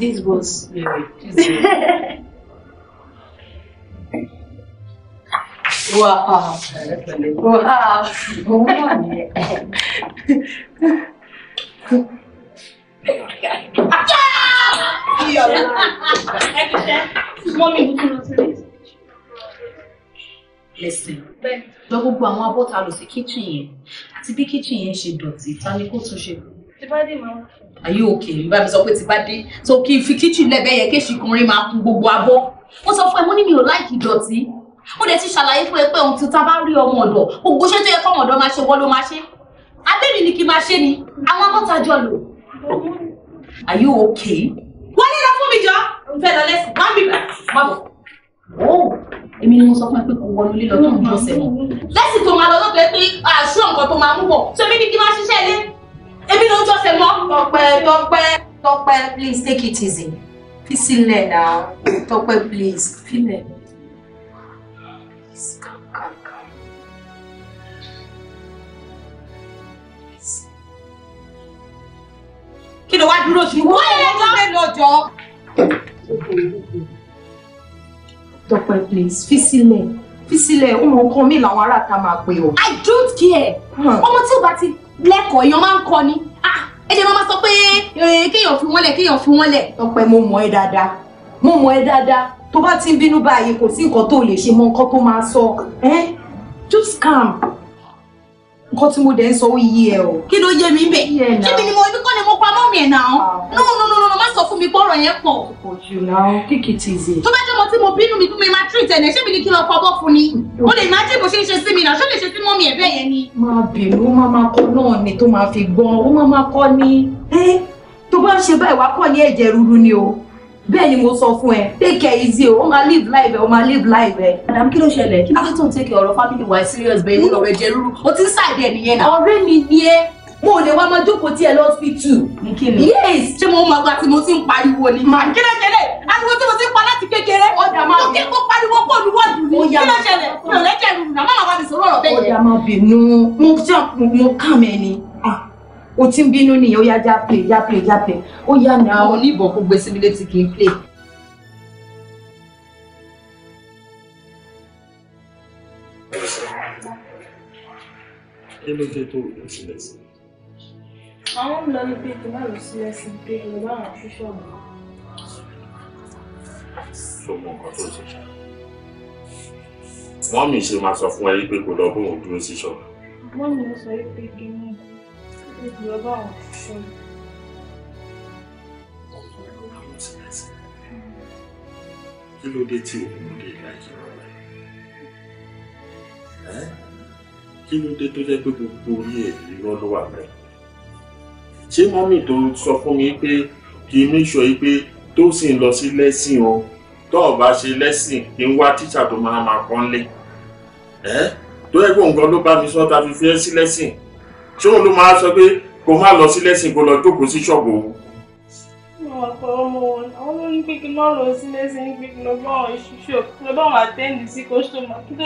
This was. Wow. Wow. Mọ́mí bùkún lọ sílé. Lẹ́sìn. Lọ gbogbo àwọn abọ́ ta lò sí kíchìn yẹn àti bí kíchìn yẹn ṣe dọ̀tí ta ni kó tún ṣe. Ti bá dé máa. Àyè òkè mi bá mi sọ pé ti bá dé. So kí n fi kíchìn lẹ́bẹ̀ẹ́ yẹn kéṣì kùnrin máa kun gbogbo abọ́. Wọ́n sọ fún ẹ mo ní mi ò láìkì dọ̀tí ó dẹ̀ ti ṣàlàyé fún ẹ pé ohun tuntun bá rí ọmọ ọ̀dọ̀ gbogbo ṣé tó yẹ kọ́mọ ọ̀dọ̀ máa ṣe wọ́n ló máa ṣe abẹ́mi ni kí máa ṣe ni àwọn amọ́tajọ lò. are you okay? wọ́n ní lọ fún mi jọ fẹ́ lọ lẹ́sìn má bí bàtì má bọ̀. èmi ni mo sọ fún ẹ pé kò wọnú lílọ tó ń jọ sẹ́wọ̀n lẹ́sìn tó máa lọ lọ́tọ̀ ẹ pé àṣù nǹkan tó máa mú bọ̀ tó èmi ni kí máa ṣiṣẹ́ ilé èmi ló ń jọ sẹ́wọ̀n. Tọ́pẹ́ Tọ́pẹ́ Tọ́pẹ́ please take it easy fi sílẹ̀ náà Tọ́pẹ́ please fi sílẹ̀. kí ló wá dúró sí wọ́n yẹn ló lọ jọ. Dọ́pẹ́ please fi sílẹ̀ fi sílẹ̀ ohun kan mi làwọn ará ta máa pè ọ́. I don't care ọmọ tí ò bá ti lẹ́kọ̀ọ́ èèyàn máa ń kọ́ ni ah, ẹ jẹ́ máa sọ pé eh, kéèyàn fi wọ́n lẹ̀ kéèyàn fi wọ́n lẹ̀. Dọ́pẹ́ mo mọ̀ ẹ́ dáadáa mo mọ̀ ẹ́ dáadáa tó bá ti ń bínú báyìí kò sí nǹkan tó lè ṣe mọ nǹkan tó máa sọ eh? just calm nǹkan tí mo dẹ̀ ń sọ ó yí ẹ o. kí ló yé mi bẹ́ẹ̀ kíbi ni mo ibi kọ́ ni mo pa mọ́ mi ẹ̀ náà ah. no no no no má sọ fún mi bọ́rọ̀ yẹn pọ̀. kò jù náà kíkì ti zè. tó bá jẹ́ mo tí mo bínú mi fún mi máa treat ẹ̀ ṣé mi ni kí lọ fọwọ́ fún ni mm. o lè máa dé bó ṣe ń ṣe sí mi náà ṣó lè ṣe sí mọ́mí ẹ̀ bẹ́ẹ̀ yẹn ni. máa bínú ó máa máa kọ náà ni tó máa fi gbọ́n ó máa máa kọ ni. tó bá ń ṣe báyìí wá kọ́ ní ẹ̀jẹ̀ ruru ni o bẹ́ẹ̀ ni mo sọ fún ẹ take care easy o ó máa live life ẹ ó máa live life ẹ. madam kí ló ṣẹlẹ̀ kí ló tó ń take care ọ̀rọ̀ family wa serious bẹ́ẹ̀ nínú ọ̀rọ̀ ẹ̀jẹ̀ rúru o ti ń ṣàìdẹ̀ nìyẹn náà. ọ̀rẹ́ mi ni ẹ mo ò lè wá máa jókòó tí ẹ lọ hospital. ní kí yes ṣé mo máa gba tí mo ti ń pariwo ni. màá kérékéré ariwo tí mo ti ń pa láti kékeré. ó dà máa bínú. ó kí kó pariwo kó olúwọ́ jù ní. kí ló ṣẹlẹ̀ mi ò lẹ́jẹ̀ rúru náà má máa bá mi sọ̀rọ̀ ọ̀rọ̀ bẹ́ẹ̀ yẹn. ó máa bínú mo kàn mẹ́ni o ti ń bínú nìyẹn ó yá já play já play já play o yá náà. mo ní ìbọn kó gbé síbi létí kì í play. kí ló dé tó o ti lẹ sí. àwọn ń lọ níbi ètò máa lọ sí ẹsìn pé mo bá àwọn fífọ mi. tó mọ nǹkan tó ṣe wọ́n mi ṣe máa sọ fún ẹ pé kò lọ bóun dúró sí ṣọ́ọ̀bù. wọ́n mi sọ pé kí n mú ìgbìmọ̀ kí ló dé tí òun láyé rọra ẹ kí ló dé tó jẹ́ pé gbogbo orí ẹ̀ irọ́ ló wà bẹ́ẹ̀ ṣé mọ́mì tó sọ fún mi pé kí n make sure pé tó sì ń lọ sí lẹ́sìn o tó o ṣe lẹ́sìn kí n wá tíṣà tó máa máa pọ́nlé ẹ tó yẹ kó ló bá mi sọ ta fi fi ẹ́ sí lẹ́sìn ṣóun ló máa sọ pé kó má lọ sí lẹ́sìn kó lọ jókòó sí ṣọ́ọ̀bù òun. àwọn ọ̀pọ̀ ọmọ wọn àwọn ló ní pé kí n má lọ sí lẹ́sìn ní pé kí n lọ bá wọn ṣíṣọ kí lọ bá wọn àtẹ́ǹdì sí kọ́sọ́mà kí tó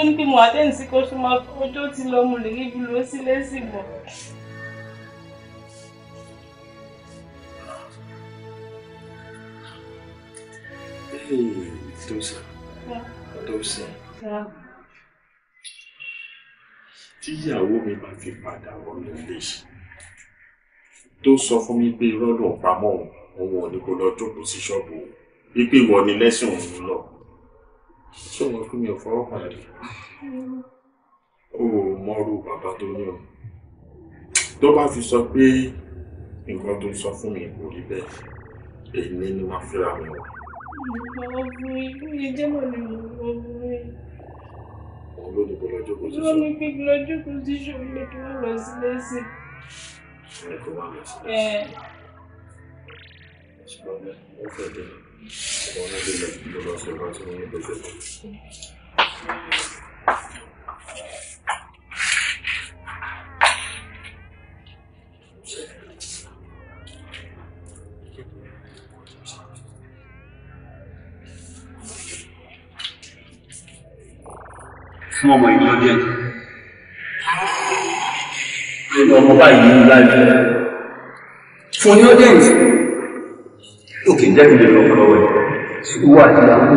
Hey, Dosa. Yeah. Dosa. Yeah tíyàwó mi bá fi padà wọnú ilé tó sọ fún mi pé irọ́ ló pamọ́ òun ò ní kó lọ jókòó sí ṣọ́ọ̀bù òun wípé ni lẹ́sìn òun lọ ṣé wọn fún mi ò fọwọ́ padà rí o ò mọ́rú bàbá tó ní o tó bá fi sọ pé nǹkan tó sọ fún mi kò rí bẹ́ẹ̀ èyí ni màá fẹ́ra mi wọ̀. ìgbà ọkùnrin ìjẹ́mọ̀ ni mo wọ́n wọ́n òun ló ní kó lọ jókòó sí ṣọ́ọ̀bù. wọ́n ní pé kí lọ jókòó sí ṣọ́ọ̀bù mi kí wọ́n lọ sí lẹ́sìn. ẹ kó wá lọ sí lẹ́sìn. ṣùgbọ́n wọ́n fẹ́ dé ọmọ náà lè fún ọmọ yìí lọ́jẹ́. ọmọ báyìí ní láìpẹ́ fún ní audience òkè jẹ́bi lè lọ́wọ́ lọ́wọ́ ẹ̀ tí ó wà nígbà tó ń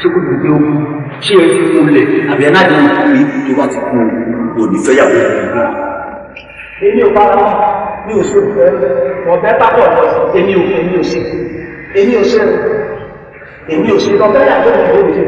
ṣé kò ní pé ó ṣé ẹ fi kún lẹ̀ àbí ẹ náà dé ìlú tó bá ti kún òní fẹ́yàwó ìgbà. èmi ò bá wọn mi ò ṣe fẹ́ ọ̀bẹ pápọ̀ lọ èmi ò èmi ò ṣe èmi ò ṣe èmi ò ṣe lọ́bẹ̀rẹ̀ àgbẹ̀rẹ̀ ìgbòho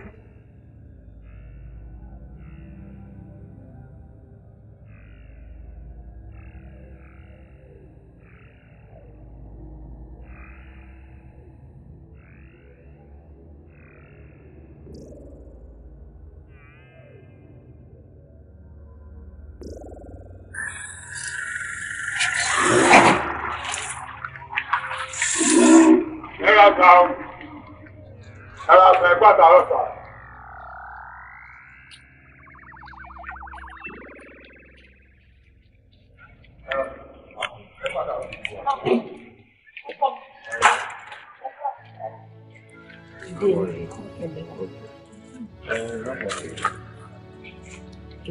now. Ẹ̀rọ àfẹ́ ẹ̀kọ́ àtàrọ̀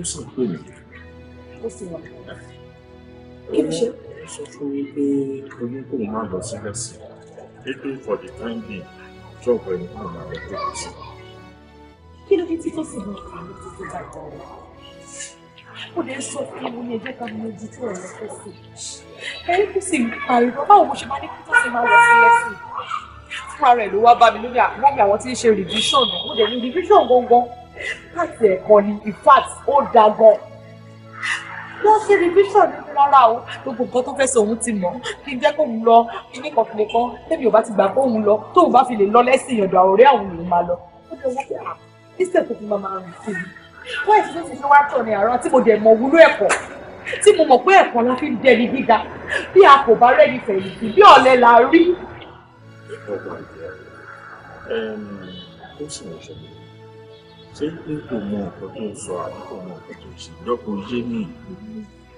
Ó sì pè mí. Kí ló ṣe? Ó sọ fún mi pé oyún kò má lọ sílẹ̀ sí i. Italy for the time being, job ẹni náà máa wọ pé kò sí. Kí ló dé tí tó sì lè fi ìlú títí dàgbà rẹ̀? Ó lè sọ fún mi ní ẹjẹ́ kan lójú tó ọ̀rọ̀ tó sì. Ẹ̀rí kò sì pariwo báwo mo ṣe máa ní kí tó sì máa wọ̀ sí ẹ̀sìn. Fúnra rẹ̀ ló wá bá mi lórí àwọn àwọn tí ń ṣe revision náà. Ó dẹ̀ ní revision gangan. Láti ẹ̀kọ́ ni in fact ó da gan-an lọ sí revision rárá o gbogbo nǹkan tó fẹ́ sọ òun ti mọ̀ kí n jẹ́ kóun lọ kíní kan fìlẹ̀ kan tẹ́mi ò bá ti gbà kóun lọ tóun bá fi lè lọ lẹ́sìn ọ̀dọ̀ ọ̀rẹ́ àwọn èèyàn máa lọ ó lè wọ́n pé à ìsẹ̀ tó fi máa máa rìn sí i wọ́n èsì tó ti fi wá tọ̀ ní àárọ̀ tí mo dẹ̀ mọ̀ wúlò ẹ̀kọ́ tí pé ẹ̀kọ́ la fi ń dẹni gíga bí a kò bá rẹ́ni fẹ̀yìntì bí ọ̀lẹ la rí. ọgbà ìjẹ́ ó sì ń ṣẹlẹ̀ ṣé pé kò mọ ọ̀pọ̀ tó ń sọ àbí kò mọ ọ̀pọ̀ tó ń ṣe lọ́kọ̀ yé mi.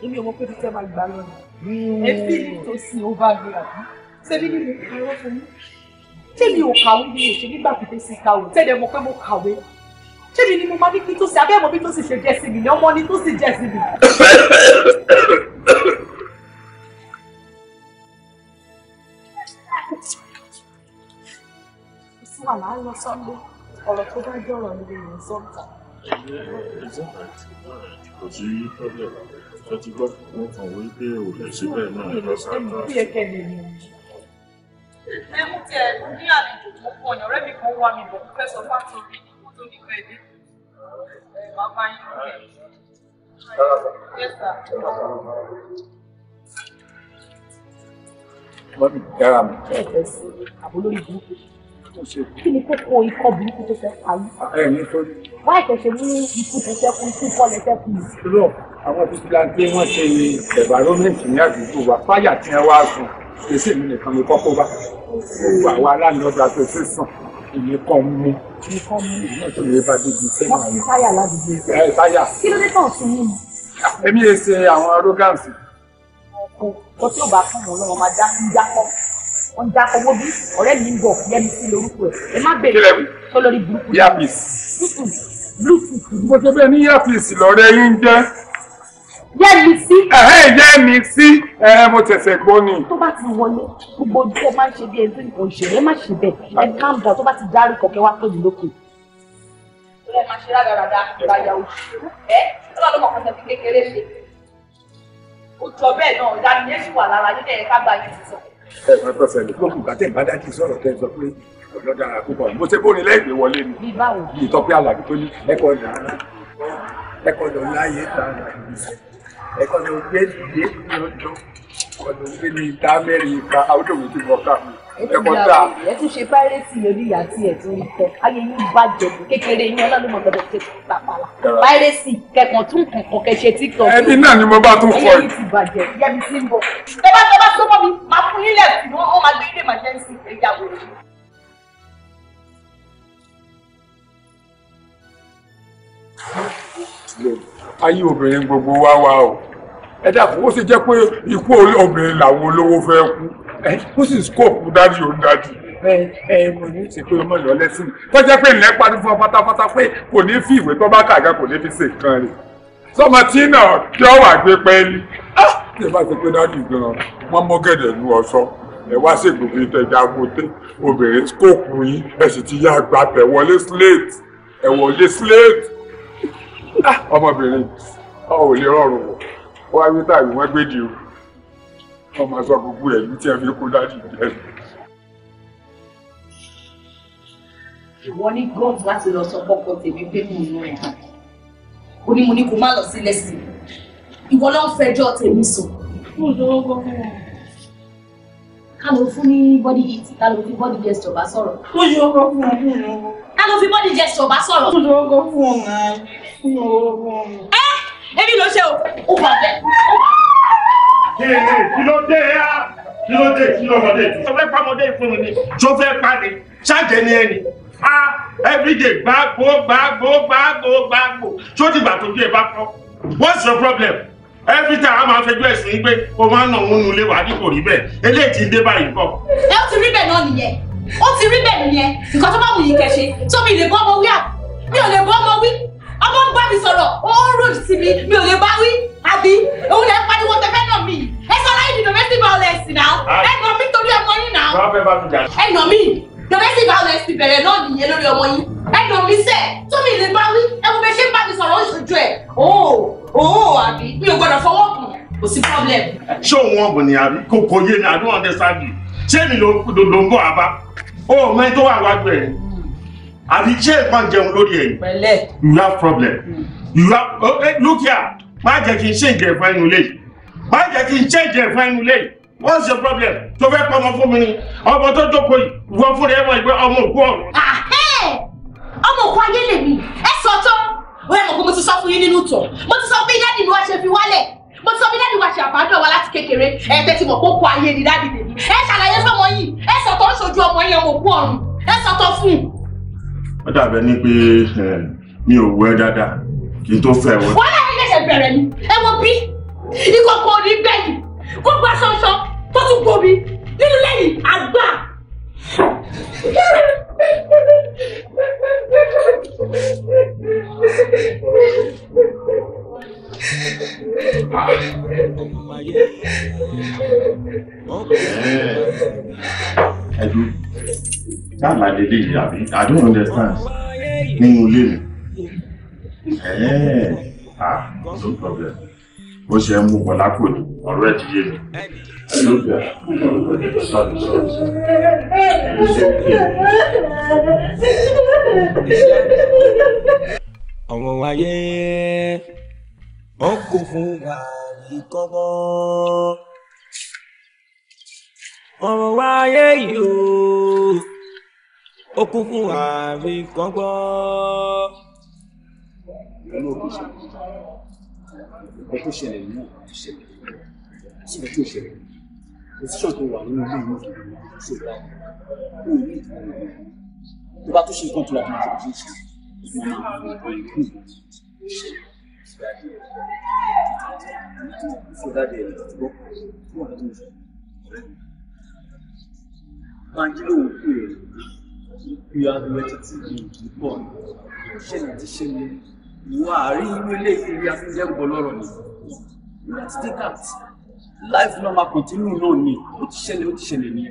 èmi ò mọ pé títí ẹ máa gbà lọ́nà hmm. ẹ fi tó sí ova gbé àbí ṣebí ni mo parọ́ fún mi ṣé mi ò kàwé mi ò ṣe nígbà pípé sí kàwé tẹ́lẹ̀ mọ pé mo kàwé ṣé mi ni mo máa ní kí tó ṣe abẹ́ mọ bí tó sì ṣe jẹ́ sí mi ni ọmọ ni tó sì jẹ́ sí mi. Wàhálà lọ sọ́dọ̀ ọ̀rọ̀ tó bá jọ̀rọ̀ níbi yìí sọ. kò sí pẹ́lẹ̀ tó ti gbọ́ wọn kàn wí pé ò lè síbẹ̀ náà lọ́sàn-án. ẹ mú tiẹ̀ ní àlejò tó pọ̀ ní ọ̀rẹ́ mi kan wá mi bọ̀ fẹ́ sọ fáńtò mi tó ní kọ́ ẹ̀dẹ́. bàbá yín ló rẹ̀. Mọ́mí, dára mi. Bẹ́ẹ̀ fẹ́ tó ṣe. kí ni kókó ikọ́ burúkú tó fẹ́ pa yìí. ẹ ní sọ́dọ̀. wọ́n àìsàn ṣe mú ikú tó fẹ́ kú ikú kọ́ lè fẹ́ kú. lọ àwọn fìtìláńtì wọn ṣe ní ẹ̀bàrọ́mẹ̀tì ní àdúgbò wa fáyà tí wọn wá sùn kèsì mi nìkan ló kọ́kọ́ bá. gbogbo àwa aláǹdọ́gba tó ṣe sàn èmi kọ́ mú. èmi kọ́ mú. èmi náà tó lè bá débi iṣẹ́ náà. wọ́n fi fáyà ládùúgbò. ẹ fáyà. kí ló dé tàn sí yìí. èmi yẹn ṣe àwọn arrogance. ọkọ tí ò bá fún wọn lọ́wọ́ máa dá ń jákọ́ wọn já kọwọ bí ọ̀rẹ́ mi ń bọ̀ yẹmi sí lórúkọ ẹ ẹ má bèrè tó lórí burúkú yẹn bluetooth. mo ṣe bẹ́ẹ̀ ní yàfíìsì lọ́rẹ́ yín jẹ́. yẹ́mi sí. ẹ̀hẹ́ yẹ́mi sí ẹ̀hẹ́ mo tẹ̀sẹ̀ gbọ́ ni. tó bá ti wọlé gbogbo ojú ẹ máa ń ṣe bí ẹni tó nǹkan ṣe ẹ má ṣe bẹ́ẹ̀ ẹ calm down tó bá ti dárí kọ̀kẹ́ wá pé mi lókè. ó yẹ máa ṣe rádaràda ìgbàyà òṣù ẹ lọ́wọ́ ló mọ̀ kọ́sẹ̀ fi ẹ̀sán tó ṣẹlẹ̀ ló kù ká tẹ̀ bá dájú sọ̀rọ̀ tẹ̀ sọ pé ọ̀dọ́ dára púpọ̀ mo ṣe bóni lẹ́gbẹ̀ẹ́ wọlé ni bí báwo bí ìtọ́pẹ́ àlàbí tó ní ẹ̀kọ́ dára ẹ̀kọ́ lọ láyé tààrà ẹ̀kọ́ lọ gbé ìgbé ní ọjọ́ ọ̀nà òwe ní ìdá mẹ́rin ìka àwùjọ òwe tí mo kà mí. ẹ̀kọ́ tà. ẹ tún ṣe pírẹ́sì oníyà tí ẹ̀ tún ń tọ́ ayé yín bàjẹ́ bí kékeré yín ọlọ́lùmọ̀ gbọdọ̀ ṣe pàpàlà pírẹ́sì kẹkàn tún kankan kẹṣẹ tiktok. ẹni náà ni mo bá tún fọ yìí. ẹni ti bàjẹ́ yẹbi tí ń bọ̀. ẹ bá tọ́ bá sọ́mọ́ mi máa fún yín lẹ́ẹ̀kì ni wọ́n máa gbé ilé emergency ìgbéyàwó rẹ̀. ayé obìnrin gbogbo wá wá o ẹ dàpọ̀ ó sì jẹ́ pé ikú obìnrin làwọn olówó fẹ́ kú ó sì scope dájú òun dájú ẹ ẹ mo ní ti pé ọmọ ìyọlẹ sí mi tó jẹ́ pé ìlẹ parí fún ọ pátápátá pé kò ní fi ìwé tó bá kàga kò ní fi ṣe nǹkan rẹ̀ sọmọ tí náà kí ọ wà gbé pẹ́ẹ́lí ah! tí ẹ bá ti pé dájú gan wọn mọ́gẹ̀dẹ̀ lu ọ̀ṣọ́ ẹ wá sí ìgbòho ìtẹ̀jà agote obìnrin scope yín ẹ sì ti yá gba tẹ̀ wọlé slate ẹ wọlé slate ah! ọmọbìnrin ọ ò lè rọrùn ó wá wí tàbí wọ́n gbé dìrò wọ́n máa sọ gbogbo ẹ̀ ní tí ẹ fi kó dájú jẹ́. ìwọ ní god láti lọ sọ fọkọ tèmi pé mo yan ẹ̀ hàn ó ní mo ní kó má lọ sí lẹ́sìn ìwọ ló fẹjọ́ tèmi sùn. mo dọwọ́ gbọ́ fún wọn. ká ló fún ní body heat ká ló fi body gesture bá sọ̀rọ̀. mo yọ ọkọ fún wọn fún wọn. ká ló fi body gesture bá sọ̀rọ̀. mo dọwọ́ gbọ́ fún wọn náà èmi ló ṣe o ó bà bẹ́ẹ̀ ó bà bẹ́ẹ̀. kí ló dé yá ah? kí ló dé kí ló mọdé tó. sọfẹ́ pamọ́dé ìfúnni ni sọfẹ́ pani ṣáàjẹ́ ni ẹni a ah, everyday gbàgbó gbàgbó gbàgbó gbàgbó tó dìgbà tó dé bá kọ́ what's your problem every time a máa fẹjọ́ ẹ̀sùn yín pé o máa ń nà òun nulẹ̀ wà ní kò rí bẹ́ẹ̀ eléyìí ti dé báyìí kọ́. ẹ ó ti rí bẹ́ẹ̀ náà nìyẹn ó ti rí bẹ́ẹ̀ nìyẹn nǹkan tó bá wù yín kẹ́ ṣe tó mi lè bọ́ ọmọ wí àbí mi ò lè bọ́ ọmọ wí ọmọ ń bá mi sọ̀rọ̀ ó ń rò sí mi mi ò lè bá wí àbí òun lè pariwo tẹ́fẹ́ náà mi ẹ sọ láyé di domestic violence náà ẹ nà mí torí ọmọ yín náà ẹ nà mí domestic violence bẹ̀rẹ̀ náà nìyẹn lórí ọmọ yín ẹ nà mí sẹ́ tó mi lè bá wí ẹ mo bẹ ṣe ń bá mi sọ̀rọ̀ oṣooju ẹ̀ óò óò àbí mi ò gbọ́dọ̀ fọwọ́ kùn kò sí problem. ṣé òun ọ̀gùn ni àbí kò kò yé ni àdúrà ọ̀dẹ́sàbì ṣé èmi ló ń bọ̀ àbá ó mẹ́tọ́ wà wájú ẹ̀ àbí tí èèpọ̀ jẹun lórí ẹ̀yìn you have problem hmm. you have oh, hey, look here má jẹ́ kí n ṣe ìjẹ̀ fún ẹnu léyìí má jẹ́ kí n ṣe ìjẹ̀ fún ẹnu léyìí what's your problem tó fẹ́ pọ̀ ọmọ fún mi ni ọmọ tó jókòó yìí wọ́n fún rẹ̀ ẹ̀mọ́ ìgbẹ́ ọmọ òkú ọ̀run. Ah, ọmọ òkú ayé lè mi ẹ sọ tán ó yẹ mọ̀ pé mo ti sọ fún yín nínú tọ̀ mo ti sọ pé dáàdì ni wọ́n ṣe fi wálẹ̀ mo ti sọ pé dáàdì wa ṣe àbádọ́ wa láti kékeré ẹ tẹ́ ti mọ̀ pé òkú ayé ni dáàdì lè mi ẹ ṣàlàyé fọmọ yìí ẹ sọ tán ṣojú ọmọ yẹn ọmọ òkú ọ̀run ẹ sọ tán fún un ó dàbẹ ní pé mi ò wẹ dáadáa kí n tó fẹ́ wẹ. wọ́n láyé lẹ́sẹ̀ bẹ̀rẹ̀ ni ẹ wo bí ìkòkò òní gbẹ̀yìn kó gba ṣanṣan tó tún gbomi nínú lẹ́yìn àgbà. Yeah ẹdun dáàbà délé yìí àbí I mean, I don't understand Me no mi Eh, ah no problem bó ṣe ń mú bọ́lá kò ní ọ̀rọ̀ ẹ̀ ti wáyé ó kún fún wa ọ̀rọ̀ wáyé yìí o ó kún fún ààrẹ kan gbọ́. ìlú òkè ṣẹlẹ̀ tó ṣẹlẹ̀ ní ọ̀hún ṣẹlẹ̀ sí ọjọ́ ìṣẹ̀lẹ̀ pòsíṣàn tó wà nínú ilé ìlú òkè ṣe ìgbà yìí tó bá tó ṣe nǹkan tó làbí ìjọba ṣe ìgbà yìí ṣẹlẹ̀ so that day, go, go and banjiro wò pé ìyá ìrẹsì tí ìdí pọ̀ ṣẹlẹ̀ ti ṣe ni ìwà àárín inú ilé ìrírí afẹ́jẹ́gbọ́ lọ́rọ̀ ni you have to take out life normal continue náà ni ó ti ṣẹlẹ̀ ó ti ṣẹlẹ̀ ni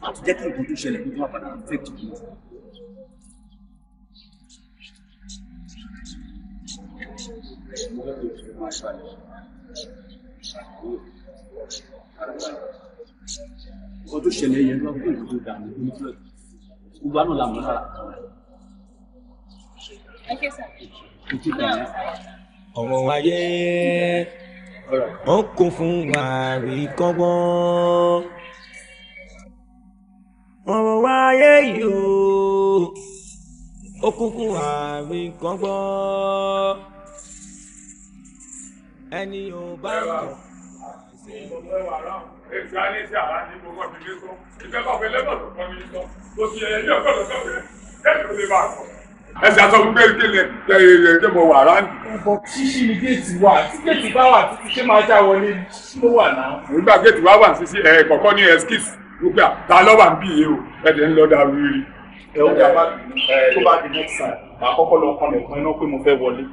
má tún jẹ́ kí nǹkan tó ṣẹlẹ̀ kó tó wà padà affect you. Thank you nǹkan tó ṣẹlẹ̀ yẹn lọ́wọ́ nǹkan tó dà ní blood gbogbo àná làmọ́ lára. ọ̀rọ̀ ayé wọ́n kún fún wàrí kọ́gbọ́n. ọ̀rọ̀ ayé yìí ó kún fún wàrí kọ́gbọ́n. ẹni ò bá mọ̀. Èsì á ní sí àrá ní gbogbo ọ̀sẹ̀ lè bá a sọ. Ẹsẹ̀ aṣọ wípé kí ṣíṣí ni géètì wà. Tí géètì bá wà títí ṣé máa já wọlé ló wà náà. Nígbà géètì wá wà sísí ẹ̀ kọ̀ọ̀kan ní ẹ̀skíìsì wípé ta ló wà ń bí iye o ẹ̀dẹ̀ ń lọ dá wíri. Ẹ̀ ó dá bá tó bá di next time, àkọ́kọ́ lọ kọ́ni ẹ̀kọ́ iná pé mo fẹ́ wọlé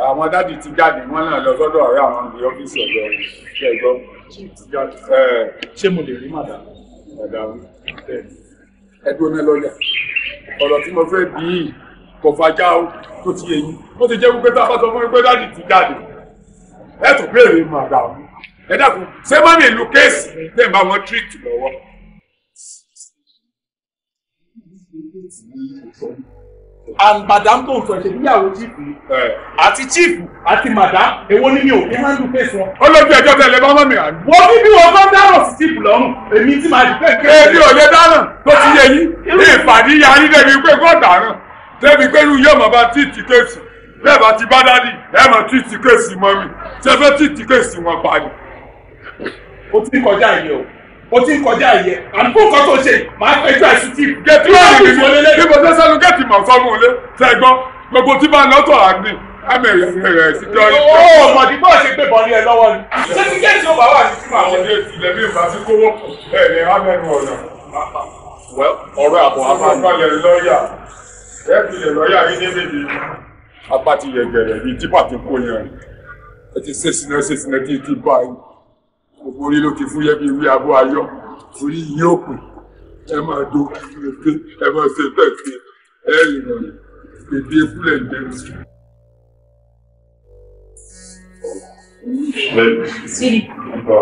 àwọn dádì ti jáde wọn náà lọ sọ́dọ̀ ọ̀rẹ́ àwọn ibi ọ́fíìsì ọ̀dọ̀ ṣe gbọ́ ṣé mo lè rí màdàmú màdàmú ẹgbẹ́ oní lọ́yà ọ̀rọ̀ tí mo fẹ́ bí kò fàjà o tó ti yẹ yín ó ti jẹ́ wípé tá a bá sọ fún mi pé dádì ti jáde ẹ tún béèrè màdàmú ẹ dákun ṣé mọ́mí ìlú kéèsì lè bá wọn tírìtì lọ́wọ́ and madam tó ń sọ ìṣèlú ìyàwó chief àti chief àti madam èwo ni mi ò ní máa ń dùn fèsì wọn. olóògbé ẹjọ́ tẹ̀lé bọ́mọ́ mi àná. wọ́n ní bí wọ́n bá dáná sí chief lọ́rùn èmi tí màá dìbẹ́ kí. èmi ò lè dáná tó ti yẹ yín ní ìpàdé ya yín débi pé kó dáná débi pé irú yóò máa bá tíìtì kéèsì bẹ́ẹ̀ bá ti bá dádì ẹ̀ máa tíìtì kéèsì mọ́ mi ṣe fẹ́ tíìtì kéèsì wọn pa ni. o ti kọjá yìí o o ti ń kọjá ìyẹn àdúgbò kan tó ṣe máa pẹjọ ẹ̀sùn tí gẹ̀ẹ́tì wà ní ìwọlé lẹ́yìn. ibo tẹ́sán ló gẹ̀ẹ́tì mọ̀ sọ́mú ilé sẹ́gbọ́n gbogbo tí bá ń lọ́tọ̀ àgbì àmì ẹ̀yẹ ẹ̀yẹ ti jọ ó mọ̀ bọ́ọ̀ ṣe gbé bọ̀ ní lọ́wọ́ ni. ṣé ti gẹ̀ẹ́tì ó bá wà ní sípò àwọn ilé ìlẹ̀ bí ìgbà tí kówó ẹ̀ẹ́dẹ̀ amẹ́nu ọ̀nà. ọ̀rọ̀ àbọ̀ abáfalẹ̀ gbogbo orí ló ti fúyẹ́ bí wí abọ́ ayọ́ orí yìí ó pè ẹ máa do kí ẹ máa ṣe tẹ̀sí ẹ ìrọ̀lẹ́ èdè fúlẹ̀ ń dẹ́rù sí. Sweetie. Ọ̀gá.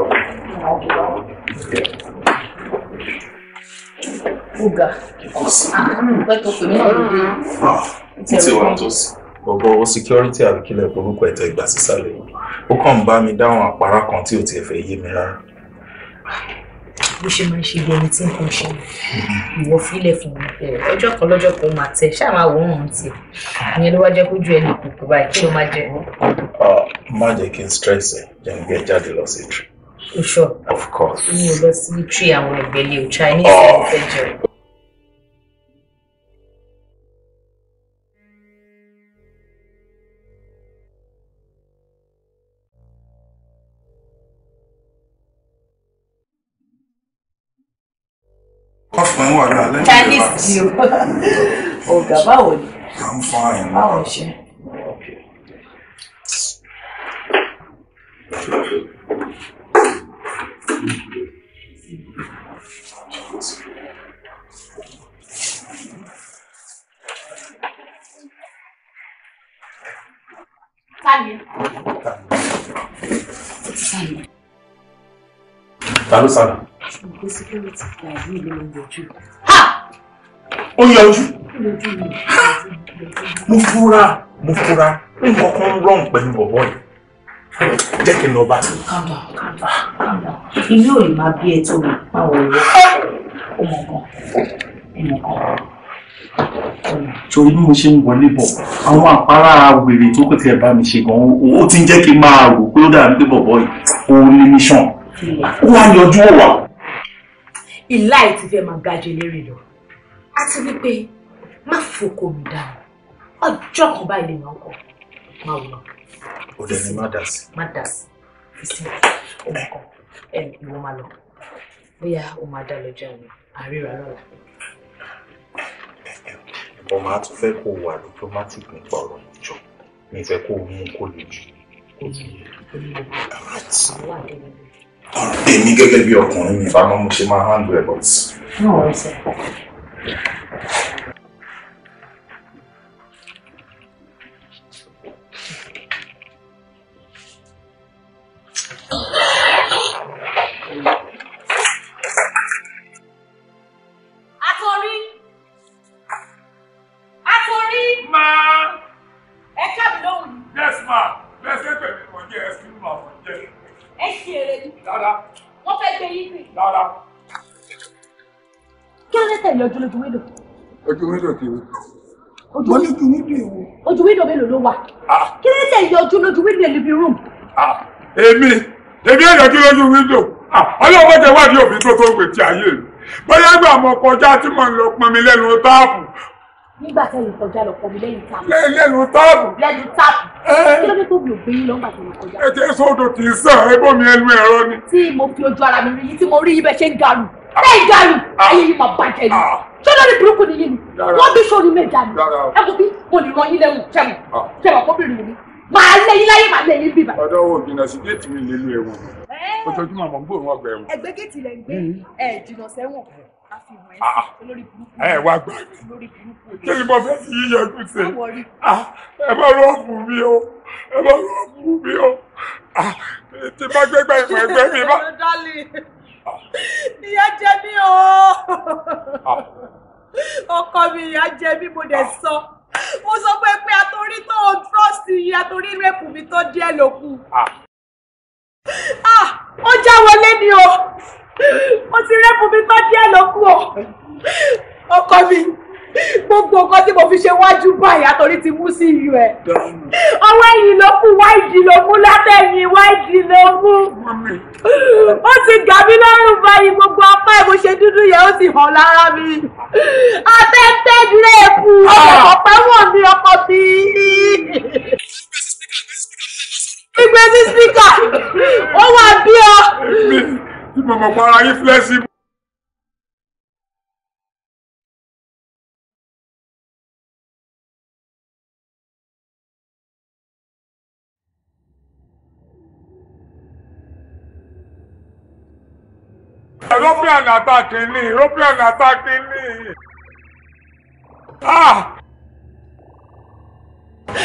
Ọ̀gá. Ọ̀gá tó pè mí. Ó ti wà tó sí gbogbo security àbíkílẹ̀ orúkọ ẹ̀tọ́ ìgbà sísàlẹ̀ ó kàn ń bá mi dáhùn àpárá kan tí ò tiẹ̀ fẹ́ yé mi rárá. bó ṣe máa ń ṣe ibi ẹni tí nǹkan ṣe ìwọ fílẹ̀ fún mi ọjọ́ kan lọ́jọ́ kan máa tẹ ṣáà máa wọ́n hàn tiẹ̀ ìyẹn ló wá jẹ́ kójú ẹni kòkó báyìí kí ló máa jẹ. má jẹ́ kí n stress ẹ̀ jẹ́ n gbé jáde lọ sí tree. o sure of course mi ò lọ sí tree àwọn ìgbẹ́lẹ̀ o chinese ẹ̀ fẹ́ jẹun. fún ẹ wà dáa lẹ́yìn ìgbà. Chinese ni o. Ọ̀gá báwo ni? I'm fine. Báwo ṣe? Sani. Sani ta ló sàdà. ó yọ ojú mo fura mo fura nǹkan kan rọrùn pẹ̀lú bọ̀bọ̀ yìí jẹ́ kí n lọ bá a. kàdà kàdà kàdà ilé ò lè máa bí ẹ tó lè pa ọ̀rọ̀ ọmọ kan ẹnì kan. Torí bí mo ṣe ń wọlé bọ̀, àwọn àpárá wèrè tó kọ̀tẹ́ bá mi ṣe gan-an, ó ti ń jẹ́ kí n máa rò pé ó dàbí pé bọ̀bọ̀ yìí, ó ní mission ó wá yanjú ó wà. ìlà ẹ̀ ti fẹ́ máa ga jẹ lérè lọ àti wípé má fòkò mi dànù ọjọ́ kan báyìí lè máa ń kọ́ máa wọ̀ ọ́ dẹ̀ ni má dà sí. má dà sí fi sí ọmọ kan ẹ ìwọ máa lọ bóyá o máa dá lọ jẹun àríra lọ́la. ọmọ a fẹ́ kó wà diplomatic nípa ọ̀rọ̀ ìjọ mi fẹ́ kó mú kó lè jù kó jù yẹ èmi gẹ́gẹ́ bí ọkùnrin mi ìbámu mo ṣe máa handle ẹ̀ but. Oh. yọ ojú lójú wíńdò. ojú wíńdò ti wí. mo ní ju wíńdò èwo. ojú wíńdò mélòó ló wà. Ah. kí ló dé yọ ojú lójú wíńdò living room. Ah, èmi èmi ẹ̀ yọjú lójú wíńdò ah, ọlọ́wọ́ tẹ wá ní òfin tó tó ń pètè ayé mi bóyá gbà mọ kọjá tí mò ń lọ pọnmi lẹ́nu táàpù nígbà tẹ́yìn kọjá lọ kọbi lẹ́yìn táàbù. lẹ́nu táàbù. lẹ́nu táàbù. kí ló dé tó mi ò gbé yín lọ́gbà tẹ́yìn kọjá. ẹ jẹ́ sọ́dọ̀ tí ń sàn ẹ bọ́ mi ẹnu ẹ̀rọ ni. tí mo fi ojú ara mi rí yín tí mo rí yín bẹ́ẹ̀ ṣe ń ga ṣé ìjàlù ayé yìí máa bàjẹ́ ni ah. ṣé lórí burúkú nìyí ni wọ́n bí sórí méjà ni ẹ kò bí mo lè rán yín lẹ́wọ̀n jẹ́mu jẹ́mu ọkọ́bìnrin mi máa lé yín láyé máa lé yín bíbá. ọ̀dọ́ wo jìnnà sí géètì mi lè lu ẹ̀wọ̀n ojoojúmọ́ àmọ́ ń gbóòórùn ọgbà ẹ̀wọ̀n. ẹgbẹ́ géètì lẹ ń gbé hmm. ẹ jìnnà sẹ́wọ̀n àfihàn ẹ̀ ah. lórí burúkú. ẹ wá gbà mí kí ni mo fẹ́ fi yíyanjú ṣe ah, ẹ bá rọ́ọ̀bù mi o ẹ bá rọ́ọ̀bù mi o tí bá gbẹgbẹ ìmọ̀ ẹgbẹ́ mi bá ìyá jẹ mí o ah. ọkọ mi ìyá jẹ mí mo dẹ̀ ah. sọ mo sọ pé pé àtòrí tó o trust yìí àtòrí rẹ́pù mi tó díẹ̀ ló kù ah. ó já wọlé ni o mo ti rẹ́pù mi tó díẹ̀ ló kù o ọkọ mi gbogbo nǹkan tí mo fi ṣe wájú báyìí àtòrí ti mú sí iyù ẹ ọwọ́ ẹ̀yìn ló kù wáìdì ló mú látẹ̀yìn wáìdì ló mú ó ti gà mí lọ́rùn báyìí gbogbo apá ẹ̀ mo ṣe dúdú yẹn ó sì hàn lára mi àtẹ̀tẹ̀ gírèèpù ọ̀pá wọ̀n mi ọkọ mi. ìgbésí síkà ó wà bí ọ. bí mo mọ̀ pa ara yín fílẹ́sì. European àbá me. European àbá kìíní.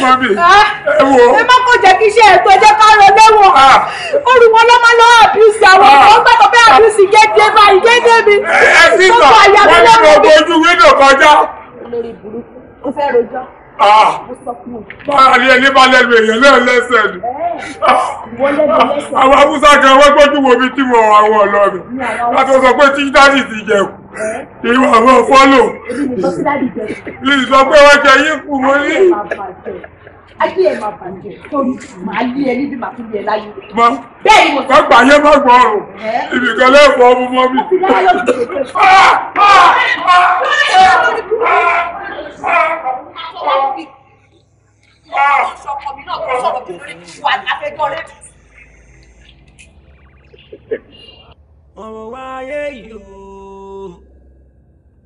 Mami, ẹ wo. Ẹ má kó jẹ́ kí iṣẹ́ ètò ẹ̀jẹ̀ ká lọ léwọ̀n. Orí wọn ló máa lọ àbíùsì àwọn ọmọ ọgbà tó fẹ́ àbíùsì gédé báyìí gédé mi. Ẹ sísọ, wọ́n ti mọ̀ ojú wíńdò kọjá. Olórí burúkú, ó fẹ́ rojọ́ máa ah. rí ah, ẹni bá lẹ́nu èèyàn náà lẹ́sẹ̀ ni ah. àwọn haúsá kan wọ́n gbójú wo mi tí mo àwọn ọ̀lọ́ mi láti sọ pé tí dádì ti jẹ̀kù ìwà àwọn fọ́lò lè sọ pé wọ́n jẹ yín kù mo ní. ayé ẹ máa bàjẹ́ torí màá yé ẹ níbi màá tún yẹ láyé. bẹ́ẹ̀ ni mo sọ. ọgbà yẹn má gbọ́ ọ̀rùn ibìkan lẹ́ẹ̀kọ́ ọmọ mọ́ mi àtọwọ́ mi sọkọ mi náà tó sọ̀rọ̀ bí lórí wà láfẹ́gbọ́n rẹ̀. ọ̀rọ̀ wáyé yìí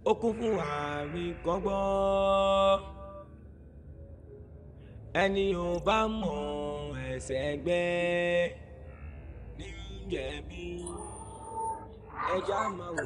ó kún fún àríkọ́gbọ́n ẹni ò bá mọ̀ ẹsẹ̀ ẹgbẹ́ ní jẹ̀bi ẹja máa wò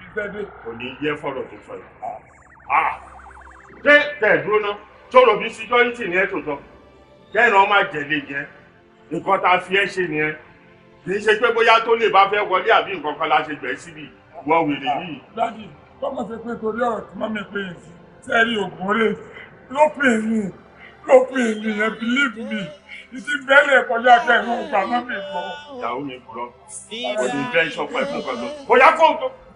fẹ́ dé. kò ní yẹ fọ̀rọ̀ tó sọ yìí. Ah, ah. ṣé tẹ̀dúró náà tọrọ bí síjọ́rìtì ni ẹ tó sọ kẹ́rin ọmọ àjẹlé jẹ nǹkan tá a fi ẹ ṣe nìyẹn kì í ṣe pé bóyá tó lè bá fẹ́ wọlé àbí nǹkan kan la ṣe gbẹ̀ síbi wọ wèrè ah, yìí. dádì tọ́mọ̀ ṣe pé torí ọ̀rọ̀ tí mọ́mí pé yìí sí sẹ́ẹ̀rì ògùn rẹ̀ ló pè é ní ló pè é ní yẹn believe me ìdí bẹ́ẹ̀lẹ̀ kọjá kẹrin ọgbà mọ́mí gbọ́. ìyàwó mi gbọ́ kò ní fẹ́ ṣọpọ̀ ẹ̀fún kan tó bóyá kó o tó.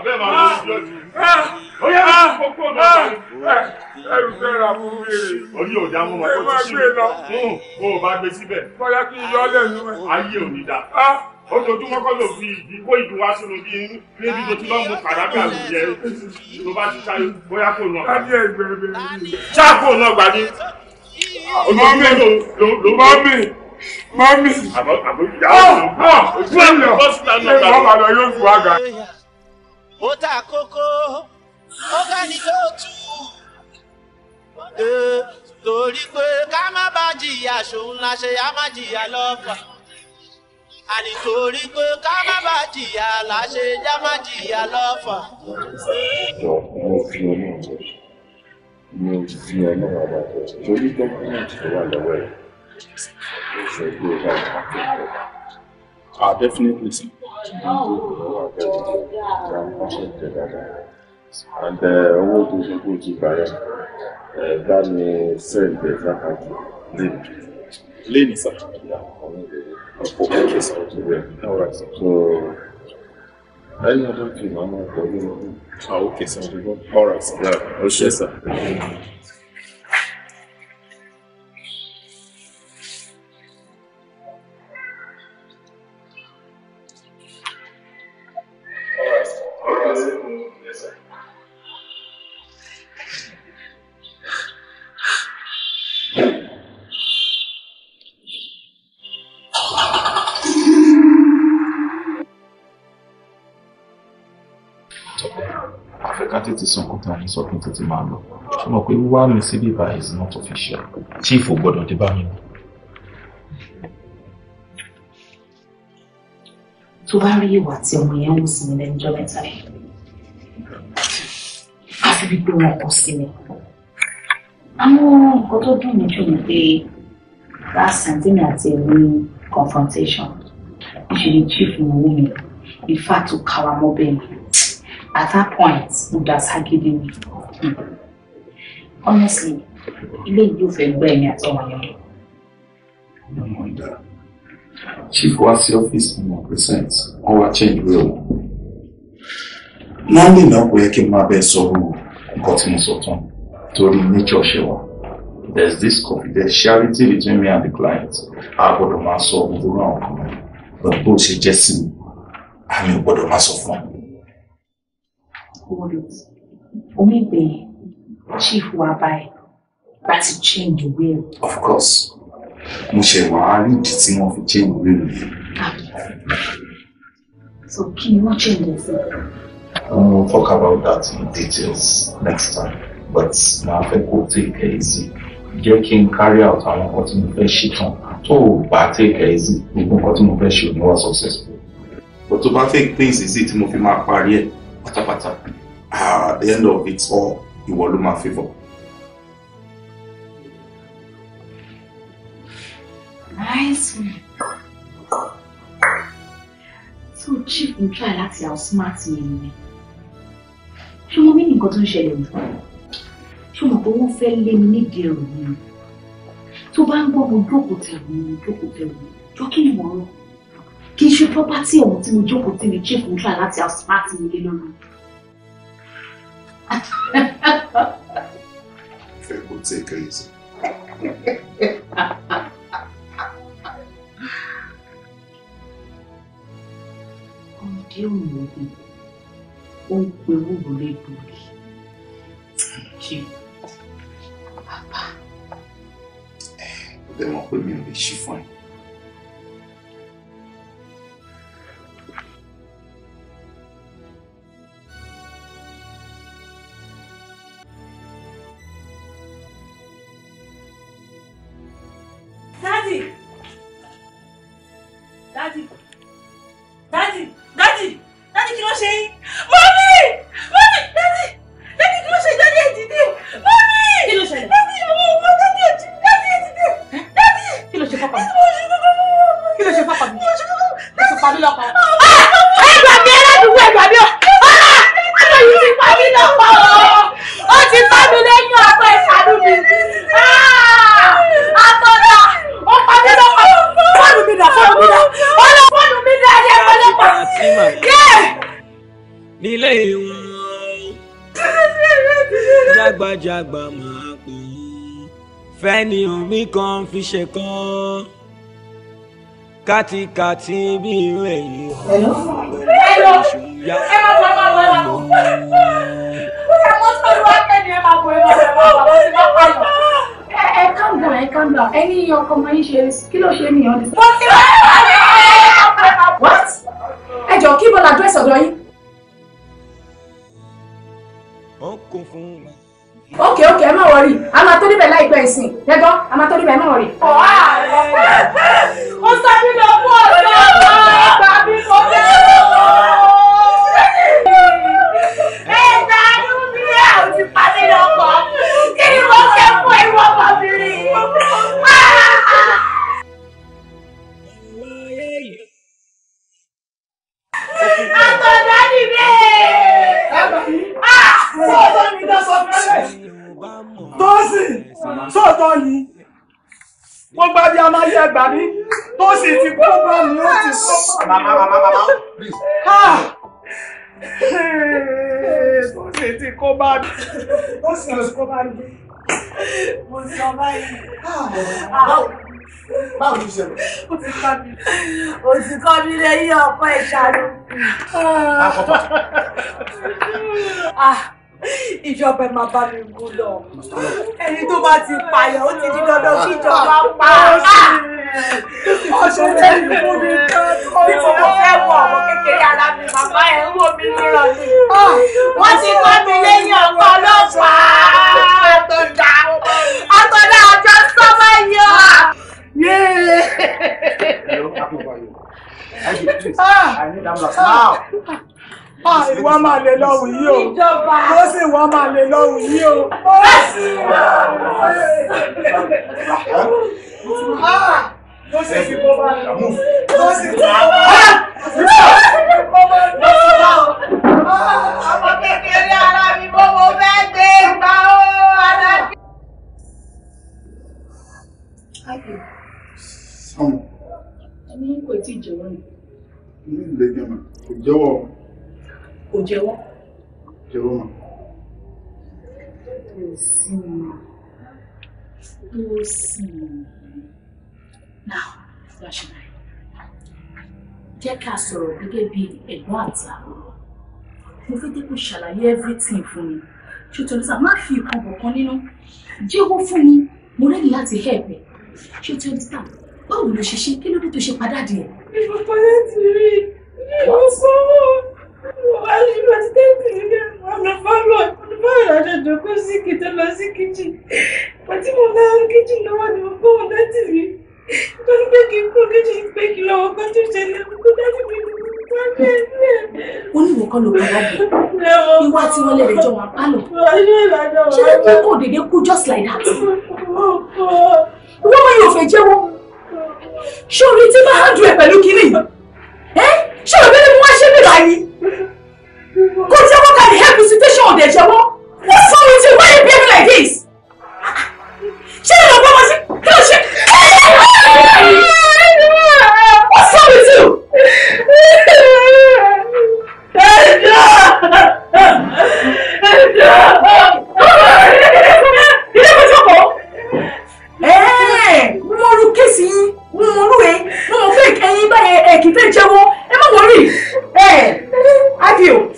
abẹ́ máa lọ sí ọjọ́ ah, ah, ó yẹ kó kó lọ ẹrù fẹ́ ra fún wèrè orí òdà mú ma kó ti ṣe lọ kó o bá gbé síbẹ̀ bóyá kí n yọ ọ lẹ́nu ẹ̀ ayé ò ní da ah. ojoojúmọ́ kọ́ ló fi ìdí kó ìdí wá sínú bí inú níbi tó ti lọ́ mú kàràkà jẹ tó bá ti ṣayé bóyá kó nà gbà ní. ṣáà kó nà gbà ní. mọ́mí mọ́mí mọ́mí. àbọ̀ àbọ̀ ìyá ọ̀hún. ojú ẹ̀ lọ ẹ̀ bọ́ bàbá yóò fún àgà ó ta kókó ó kẹ́ni tó tú eh, torí pé ká má bá jìyà ṣòun la ṣe á má jìyà lọ́pàá àní torí pé ká má bá jìyà la ṣe ya má jìyà lọ́pàá. mo fi ọlọ́run bẹ̀ mo fi ọlọ́run bá bẹ̀ torí gọ́ọ̀mù náà ti wà lọ́wọ́ ẹ̀ ṣe gbé Ah, definitely And what is ṣe kó jí parẹ́ bá mi send the account lane. Lane sir. Ọ̀pọ̀ ọ̀pọ̀ sir. All right sir. So, I ọdún kìí máa ma pọ̀ Ah, okay sir. All right sir. Ó ṣe sir. pé wíwá mi sí bíbá is not official chief ò gbọ́dọ̀ dé bá mi mọ́. tó bá rí ìwà tí ọmọ yẹn ń wù sí mi lẹ́njọ́ mẹ́ta yìí á fi gbígbé wọn kọ sí mi. àwọn nǹkan tó dùn mí jù ni pé last sentence àti ẹ̀mí confrontation ìṣèlú chief ń wú mi ìfà tó kára mọ́ bẹ́ẹ̀ ni at that point mo dá ságídé mi honestly it yìí you fẹ́ gbẹ́ at all. yẹn mọ́. ọmọ ìdá chief what's your ọ́fíìsì mi one percent wọ́n change will. wọn. láńlì náà kò yẹ kí n máa bẹ sọ̀rọ̀ nǹkan tí nature ṣe there's this confidentiality between me and the client I gbọ́dọ̀ máa sọ gbogbo àwọn kan lọ bó ṣe jẹ́ sí mi àmì ò gbọ́dọ̀ máa sọ fún omi bẹ̀yẹ̀ chief wa báyìí láti change ìwé will. of course mo ṣe wà á rí ìdí tí wọ́n fi change ìwé mi. Ah. so can you wọ́n change ẹ̀ sí. we'll talk about that in details next time but màá fẹ́ kó take it easy jẹ́ kí carry out our nǹkan tí mo fẹ́ ṣe tán tó take it easy we nǹkan tí mo fẹ́ ṣe ò successful. but tó bá fẹ́ pín ìsinsìn tí mo fi máa parí ẹ̀ pátápátá ah, at the end of it all ìwọ ló máa fi bọ̀. So chief ń try láti outsmart mi ni. Ṣé mo mí nǹkan tó ń ṣẹlẹ̀ mi? Ṣé mo pé wọ́n fẹ́ lé mi nídìí ẹ̀rù mi? Tó bá ń gbọ́ mo jókòó tẹ̀wọ̀ mi, mo jókòó tẹ̀wọ̀ mi. Jọ kí ni wọ́n rọ̀? Kì í ṣe property ọ̀hún tí mo jókòó tí mi chief ń try láti outsmart mi lé lórí. Fergulze Como Onde eu morri, ou eu vou por aqui. Tio, papá. É, o demônio por mim, chifone. ṣe kán kátikàti bí ilẹ̀ yìí pẹ̀lú ìṣòyà ẹ calm down ẹ calm down ẹni iye ọkọ ọmọ yín ṣe what ẹ jọ kí bọ́lá address ọ̀dọ̀ yín. ó kún fún un. ok ok ẹ má wọrí a máa tó níbẹ̀ láìpẹ́ ìsìn lẹ́gbọ́n àmọ́ torí bẹ́ẹ̀ mọ̀ rí. ayé ẹgbà mi tó sì ti kú bá mi ó ti sọ. màmá màmá màmá please. tó sì ti kó bá mi tó sì ti kó bá mi. mo sọ báyìí. báwo ló ṣe lọ. ó ti kọ́ mi ó ti kọ́ mi lẹ́yìn ọkọ ìṣàlù ìjọba ẹ máa bá mi gún lọ ẹni tó bá ti pààyàn ó ti di dandan kí ìjọba pa ọṣù lẹ́yìn fún mi kan bí mo mọ fẹ́ wọ ọmọ kékeré ara mi bàbá ẹ ń wò mí lọ́rọ̀ mi wọ́n ti kọ́ mi lẹ́yìn ọ̀pọ̀ ọlọ́pàá àtọ̀dá àtọ̀dá sọ́mọ yọ. Hello, Abu Bayo. I need ambulance now. Ah, ìwọ máa lè lọ́hùn yìí o ó sì wọ́n máa lè lọ́hùn ah! yìí o ó sì wọ́n. Tó sì fi bọ́ bá lọ. Tó sì fi bọ́ bá lọ. Ọmọ kékeré ara mi bó mo fẹ́ gbé gbà ó ara mi. Sọ́mu. Ẹni kò tí ì jẹ́wọ́ ni. Ní ìlẹ́gbẹ̀mọ̀ kò jẹ́wọ́ o kò jẹ́wọ́. jẹ́wọ́ mọ̀. kò sí mi kò sí mi náà lọ́sọ̀rọ̀ jẹ́ ká sọ̀rọ̀ gẹ́gẹ́ bí ẹ̀gbọ́n àti àbúrò mo fẹ́ dé kó ṣàlàyé everything fún mi ṣètò nísà má fi ìkan kọ̀ọ̀kan nínú jẹ́wọ́ fún mi mo rẹ́ni láti hẹ́ẹ̀pẹ̀ ṣètò nísà báwo ló ṣe ṣe kí ló dé tó ṣe padà díẹ̀. ìfọ̀pọ̀ láti rí ìwọ̀n sọ́wọ́ jókòó sí kìtọ́ lọ sí kíjì pàtí mo bá ń kíjì lọ́wọ́ ni mo kọ́ wọn láti rí tó ń pé kí n kú kíjì pé kí lọ́wọ́ kan tó ṣẹlẹ̀ kó dájú mi ló ń pẹ́ ó ní ìwọ̀n kan ló wọ́n bù ìwà tí wọ́n lè rẹ̀ jọ wọn pálọ̀ ṣé ló kí kò dédé just like that wọ́n máa yóò fẹ́ jẹ́wọ́ ṣé orí tí máa ń dùn ẹ̀ pẹ̀lú kínní ṣé òbí ni mo wá ṣe mí láyé kò tí wọ́n kàn help the situation on the jẹ́wọ́ what's wrong with you why you behaving like this ṣé ìlọ gbọ́mọ sí kí ló ṣe. what's wrong with you. ẹ̀dá ẹ̀dá ilé mi jókòó. mo rú kéèsì yín mo rú ẹ mo mọ fún ìkẹyìn báyẹn ẹ kì í fẹ́ jẹ́wọ́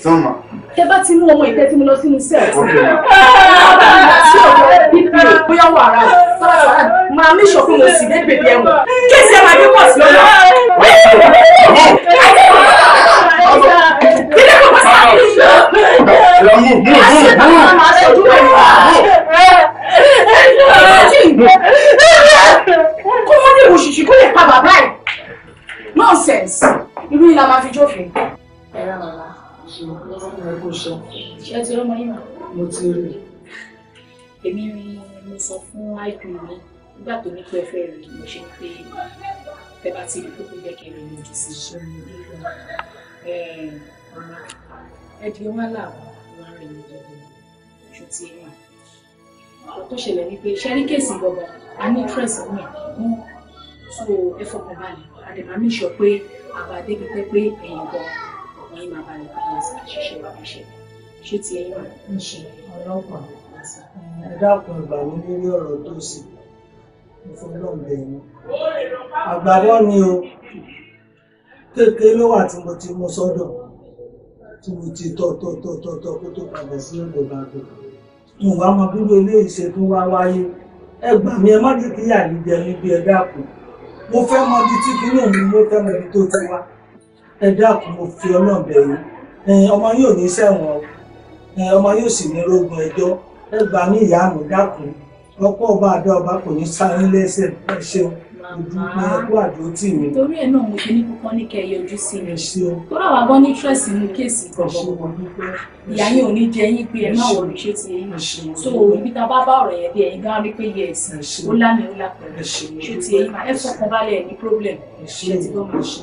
sọ́mà. tẹ bá ti mú ọmọ ìtẹ́ tí mo lọ sínú sẹ́ẹ̀tì. ọba mi lọ sí ọ̀dọ̀ bíbí o bóyá wà á rà sọ́dọ̀ máa mí sọ pé mo sì dé bèbè ẹ̀wọ̀n kí ṣe máa dé pọ̀ sí lọ́dọ̀. ilé kò bá sáà ní ìlú. mú mú mú mú. máa ṣe ojú ẹ̀ wá. kó wọ́n ní òṣìṣì kó lè pa bàbá ẹ̀ nonsense irú ìlà máa fi jófin. ẹ̀rọ màmá ṣe lọ́wọ́ náà kò sọ. ṣé ẹ ti rọ́mọ yín mà? mo ti rí. èmi rí mo sọ fún ip mi nígbà tó ní pẹ́ fẹ́ rí mo ṣe ń pé tẹ bá ti rí kókó jẹ́ kẹrin ní ojú sí iṣẹ́ mi lórí ọ̀nà ẹ̀dì wọn làwọn wọn rìn ní ìjọba oṣù tí ẹ wà. ọ̀rọ̀ tó ṣẹlẹ̀ ni pé ṣẹ́rí kéèsì gbọ̀gbọ̀ a ní tírẹ̀sì mi mú so ẹ fọkàn balẹ̀ a dẹ̀ máa ní sọ pé àbá débi pé ẹ̀yìn gan yín máa bá mi pè é sí àṣìṣe wa fi ṣe ṣé ti ẹ̀yin wà. ń ṣe ọlọ́pàá ẹ dákun ìgbà mi lórí ọ̀rọ̀ tó sì mo fún lọ́ọ̀bẹ yín àgbàwọ́ ni o kékeré ló wà tí mo ti mú sọ́dọ̀ tí mo ti tọ́ tọ́ tọ́ tọ́ tọ́ kó tó padà sí ọ̀dọ̀ bàbá ìwà ọmọ bíbí eléyìí ṣe tó wá wáyé ẹ gbà mí ẹ má jẹ́ kí yàrá ìjẹ mi bí ẹ dákun mo fẹ́ mọ ibi tí kinní mi mo fẹ́ mọ ibi tó ti wá ẹ dákun mo fi ọlọ́run bẹ̀ yìí ọmọ yóò ní sẹ́wọ̀n ọmọ yóò sì ní rógun ẹjọ́ ẹ gbà ní ìyá mi dákun ọkọ̀ ọba àdá ọba kò ní sáré lẹ́sẹ̀ ẹ ṣeun ojú àdó tì mí. torí ẹ náà mo ṣe ní kókó ní kẹ́ ẹ yọjú sí mi tó rà wá gan ní tírẹ̀sì inú kéèsì kọ̀ọ̀kan ìyá yín ò ní jẹ yín pé ẹ má wọlé ṣé ti yín so ibi tá a bá bá ọ̀rọ̀ yẹn bí ẹ̀yin gan rí pé yẹ ẹ̀sìn ó lámì ó lápẹ̀rẹ̀ ṣé ti yín máa ẹ fọkàn balẹ̀ ní problem ṣé ti gbọ́ máa ṣe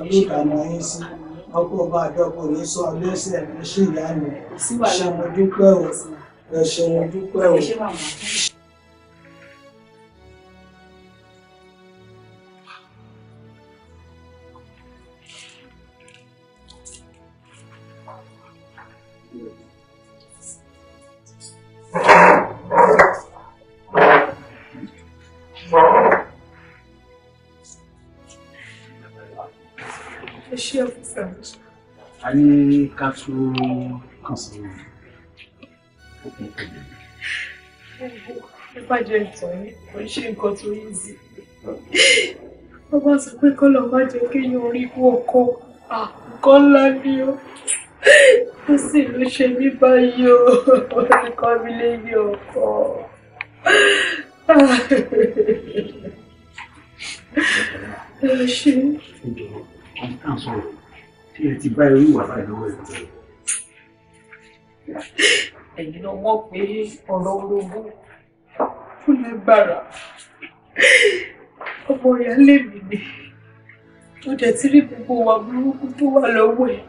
ìrẹsì ọkọ ọba àdọkọ ní sọ lẹsẹ ẹ ṣì yá mi ṣe mo dúpẹ́ o ẹ ṣe mo dúpẹ́ o. ká tó kàn sí wọn. ìbàjẹ́ sọ pé kọ́lọ̀ má jẹ́ kéèyàn orí kú ọkọ àkọ́ ńlá ni ó ó sì ló ṣe mí báyìí o orúkọ mi lè yí ọkọ. ẹ ṣe. ìjọba ọ̀hún kan sọ̀rọ̀ tí ẹ ti bá irú ìwà báyìí lọ́wọ́ ẹ̀ lọ́wọ́. ẹ̀yin ló mọ̀ pé ọ̀rọ̀ ológun kò lè gbàrà ọmọ ìyá lèmi ni ó dẹ̀ ti rí gbogbo wa burúkú tó wà lọ́wọ́ ẹ̀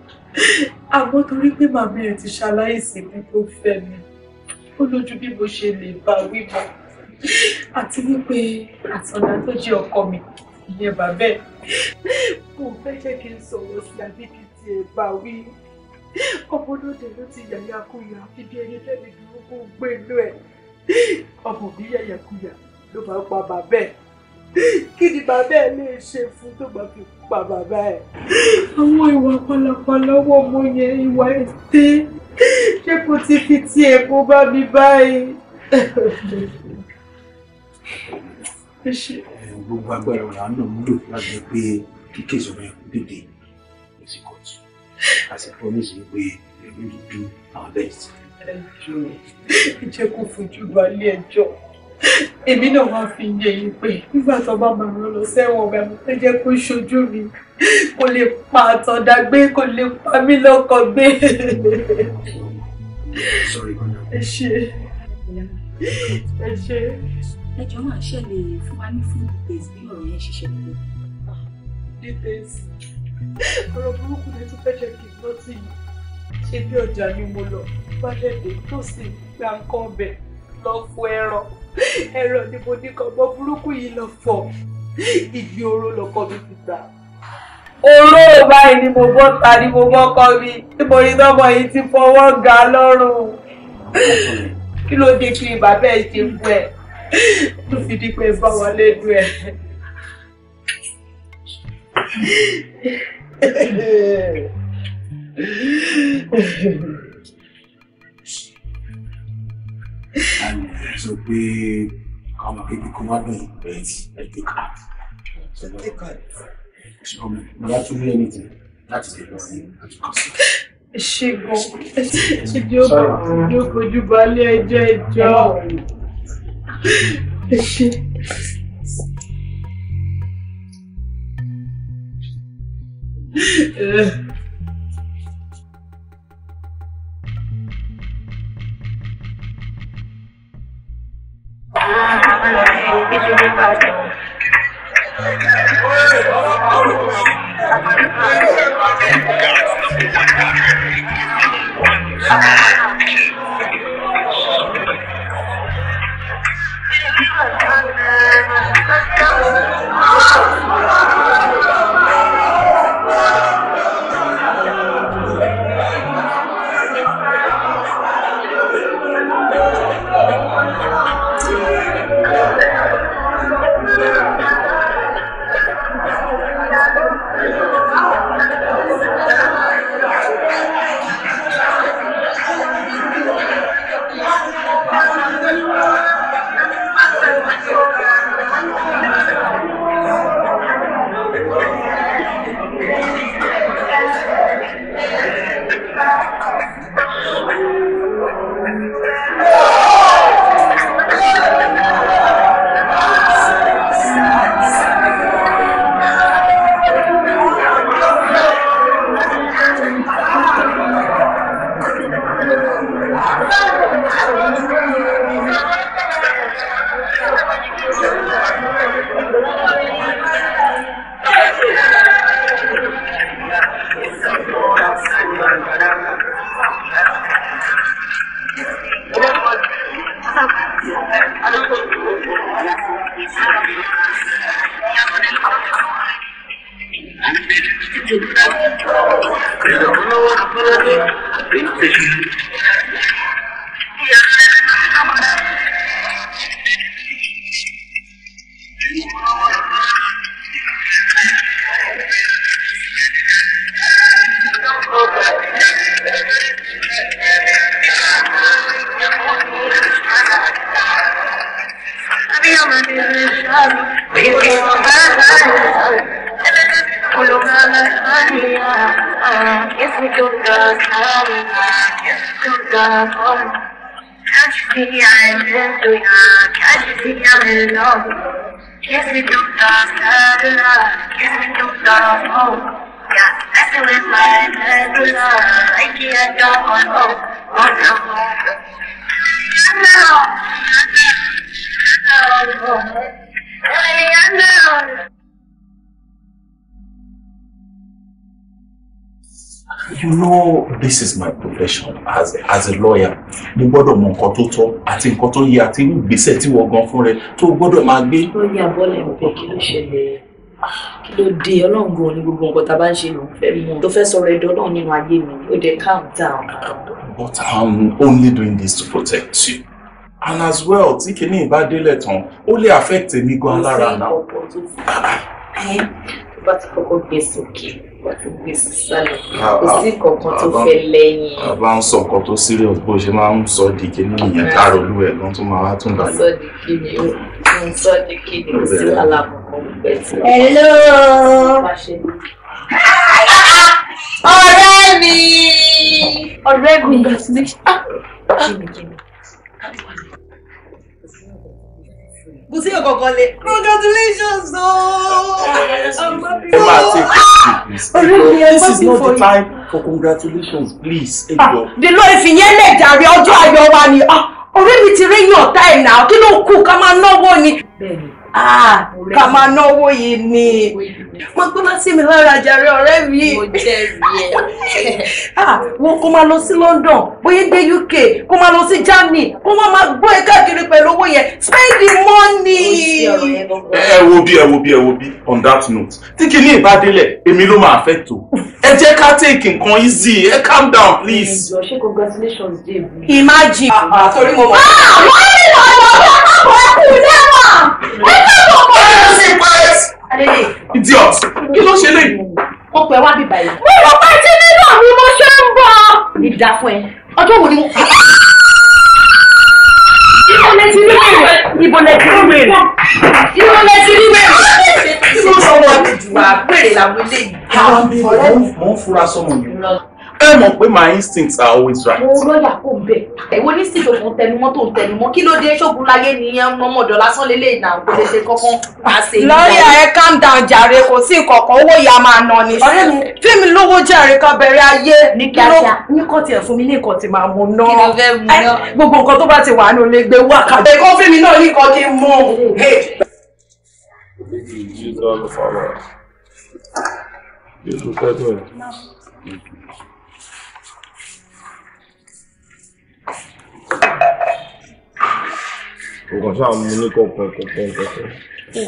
àmọ́ torí pé màmí ẹ̀ ti ṣaláìsí bí tó fẹ́ mi ó lójú bí mo ṣe lè bá wí mọ́ àti wípé àtọ̀nà tó jẹ́ ọkọ mi ìyẹn bàbá ẹ̀ kò fẹ́ jẹ́ kí n sọ̀rọ̀ sí àbí kí n ti ẹ̀ bá wí ọmọlódé ló ti yàyàkuyà fi bí ẹni fẹ́mi dúró kó gbé inú ẹ̀ ọmọ mi yàyàkuyà ló máa pa bàbá ẹ̀ kí ni bàbá ẹ̀ lè ṣe fún tó máa fi pa bàbá ẹ̀. àwọn ìwà pálapàla ọwọ́ ọmọ yẹn ìwà ètè ṣé kò ti fi tiẹ̀ kó bá mi báyìí gbogbo agbára ọ̀la náà múlò láti pé kíkẹ́ ìjọba ẹ̀kú dìde lọ sí kóòtù a sì promise wípé èmi dúdú àwọn bẹ́ẹ̀ sí. ẹjọ́ ìjẹ́ kó fojú balẹ̀ ẹjọ́ èmi náà wá fi yé yín pé nígbà tó bá máa rán lọ sẹ́wọ̀n ọ̀gá mi ẹ jẹ́ kó ṣojú mi kó lè pa àtọ̀dá gbé kó lè pa mí lọ́kọ̀ gbé. ẹ ṣe ẹ ṣe ẹ jọ máa ṣe lè fún wa ní full details bí ọ̀rọ̀ yẹn ṣiṣẹ́ nílò. details ọ̀rọ̀ burúkú ni tó fẹ́ jẹ́ kí n lọ́tì yìí ṣe bí ọjà ni mo lọ bá dẹ̀dẹ̀ tó sì gba nǹkan ọbẹ̀ lọ fọ ẹ̀rọ ẹ̀rọ ni mo ní kan ọmọ burúkú yìí lọ fọ ìgbì oró lọkọ mi ti gbà oró báyìí ni mo bọ́ ta ni mo mọ́kọ́ mi tí mo rí tọ́mọ yìí ti fọwọ́ ga lọ́rùn kí ló dé kí bàbá ẹ̀ ṣe fún ẹ tó fi di pé bá wa lédu ẹ. Àmì ẹ̀ sọ pé káwọn akéde kó wá lóyún ẹ̀ ẹ̀ dé ká. Ṣọ́ọ̀mù, bóyá tún ní ẹni tì láti lè lọ sí àtúnkọ́sí ṣe gan ṣe di ó kojú balẹ̀ ẹjọ́ ẹjọ́ ẹ ṣe. Yeah. God. Calma. this is my profession as as a lawyer mo gbọ́dọ̀ mọ nǹkan tó tọ́ àti nǹkan tó yẹ àti irú ìgbésẹ̀ tí wọ́n gan fún rẹ tó gbọ́dọ̀ máa gbé. ó ní àbọ̀lẹ̀ ń pè kí ló ṣẹlẹ̀ kí ló dé ọlọ́ngbọ̀n ní gbogbo nǹkan tá a bá ń ṣe ló ń fẹ́ mú tó fẹ́ sọ̀rọ̀ ẹ̀dọ́ náà nínú ayé mi ó dé calm down. but I'm um, only doing this to protect you and as well tí kinní ìbá délẹ̀ tán ó lè affect èmi gan lára náà. bá ti kọ́kọ́ gbé sókè kò sí tó fẹ́ lẹ́yìn. a bá ń sọ nǹkan tó serious bó ṣe máa ń sọ di kíní ìyẹn káàró olú ẹ̀ tó máa wá tún dàgbà. sọ di kíní ń sọ di kíní kò sí lálá kankan pẹ̀ tí. hello. ọ̀rẹ́ mi. ọ̀rẹ́ mi. congratulations. Ah, ah kò sí ọ̀kọ̀ọ̀kan lé congratulations ooo i'm happy ooo orí ah! mi ẹ bá mi fọ yìí. for congratulations please. Ah! the law is in your ọjọ́ ayọ̀ wa ni your money. Oh, rí yín your time now. Can you cook? ká máa náwó ni. bẹ́ẹ̀ni Ah, ká máa náwó yìí ni mo gbóná sí mi lára jàre ọ̀rẹ́ mi. mo jẹ́rìí ẹ̀. Ah, wọn kó máa lọ sí London bóyá dé UK kó máa lọ sí Germany kó máa máa gbọ́ ẹ káàkiri pẹ̀lú owó yẹn spend the money. ẹ wo bí ẹ wo bí ẹ wo bí on that note tí kìíní ìbádélẹ̀ èmi ló máa fẹ́ tó ẹ jẹ́ ká take nǹkan easy ẹ calm down please. ṣé congratulations dave. imagine. àtọ́rí ah, mo mọ̀. wọ́n ní ìlànà ọ̀gá àpò ẹ̀kú náà idiot kí ló ṣe lè. mo pẹ wá bíbá yìí. mo rò pé tí nínú mi mo ṣe ń bọ. ní dákun ẹ ọjọ́ wo ni mo. ibo lẹ ti rí wèrè. ibo lẹ ti rí wèrè. ibo lẹ ti rí wèrè. kí ló sọ wọn jù wá pèrè làwọn eléyìí. àwọn mi ò ń fura sọmọ mi ẹ mọ̀ pé my instincts are always right. mo lọ́yà kò ń bẹ̀. èwo ní steve òfò ń tẹnumọ́ tó ń tẹnumọ́ kí ló dé ṣógun láyé nìyẹn ọmọdọ̀ lásán lélẹ̀ ìnà kò lè ṣe kankan máa ṣe ìlú. lọ́ọ̀yà ẹ calm down jàre kò sí nǹkankan owó ìyá máa ná ni. ọ̀rẹ́ mi fíìmù lówó jàre kan bẹ̀rẹ̀ ayé. ní kíákíá ní kò tiẹ̀ fún mi ní nǹkan tí màá mú ná. gbogbo nǹkan tó bá ti wà nínú ilé gbé wákàtí. èkó fíìmù náà ní nǹkan kí n mú. Use all the power. Use the power. nǹkan sáà mú ní kọ̀ọ̀kan kọ̀ọ̀kan kọ̀ọ̀kan.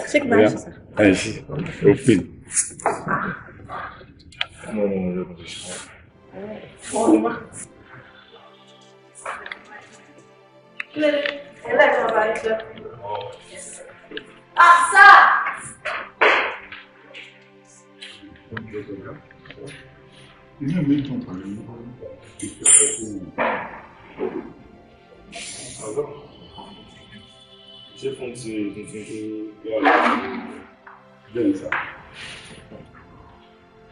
ṣé kí n bá ń ṣiṣẹ́. ẹ ṣe òfin. ọmọ ọmọ mi ló ń ṣiṣẹ́. ọmọ wa. ilé ẹlẹ́gbẹ̀ẹ́ ọba yìí jẹ́. àṣà. inú mi dùn pẹ̀lú Agora? Ṣé fún ti tuntun tó yà lọ? Bẹ́ẹ̀ ni sá.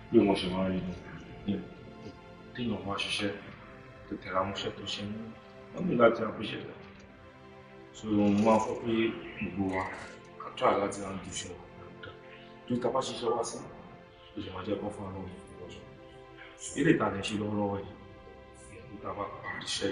Bí wọ́n ṣe máa rí ni. Téèyàn máa ṣiṣẹ́ tó tẹ̀ra mọ́ṣẹ́ tó ṣe mú. Wọ́n ní láti àpèṣẹ́ rẹ̀. So mo máa fọ pé gbogbo wa ká tó àlá ti máa ń dùn ṣe wà. Tó ta bá ṣiṣẹ́ wá sí, ìṣẹ̀wá jẹ́ kọ́ fún àwọn ọmọ ìfọwọ́sọ. Ilé ìtajà ṣe lọ́wọ́lọ́wọ́ yìí. Ìta bá parí iṣẹ́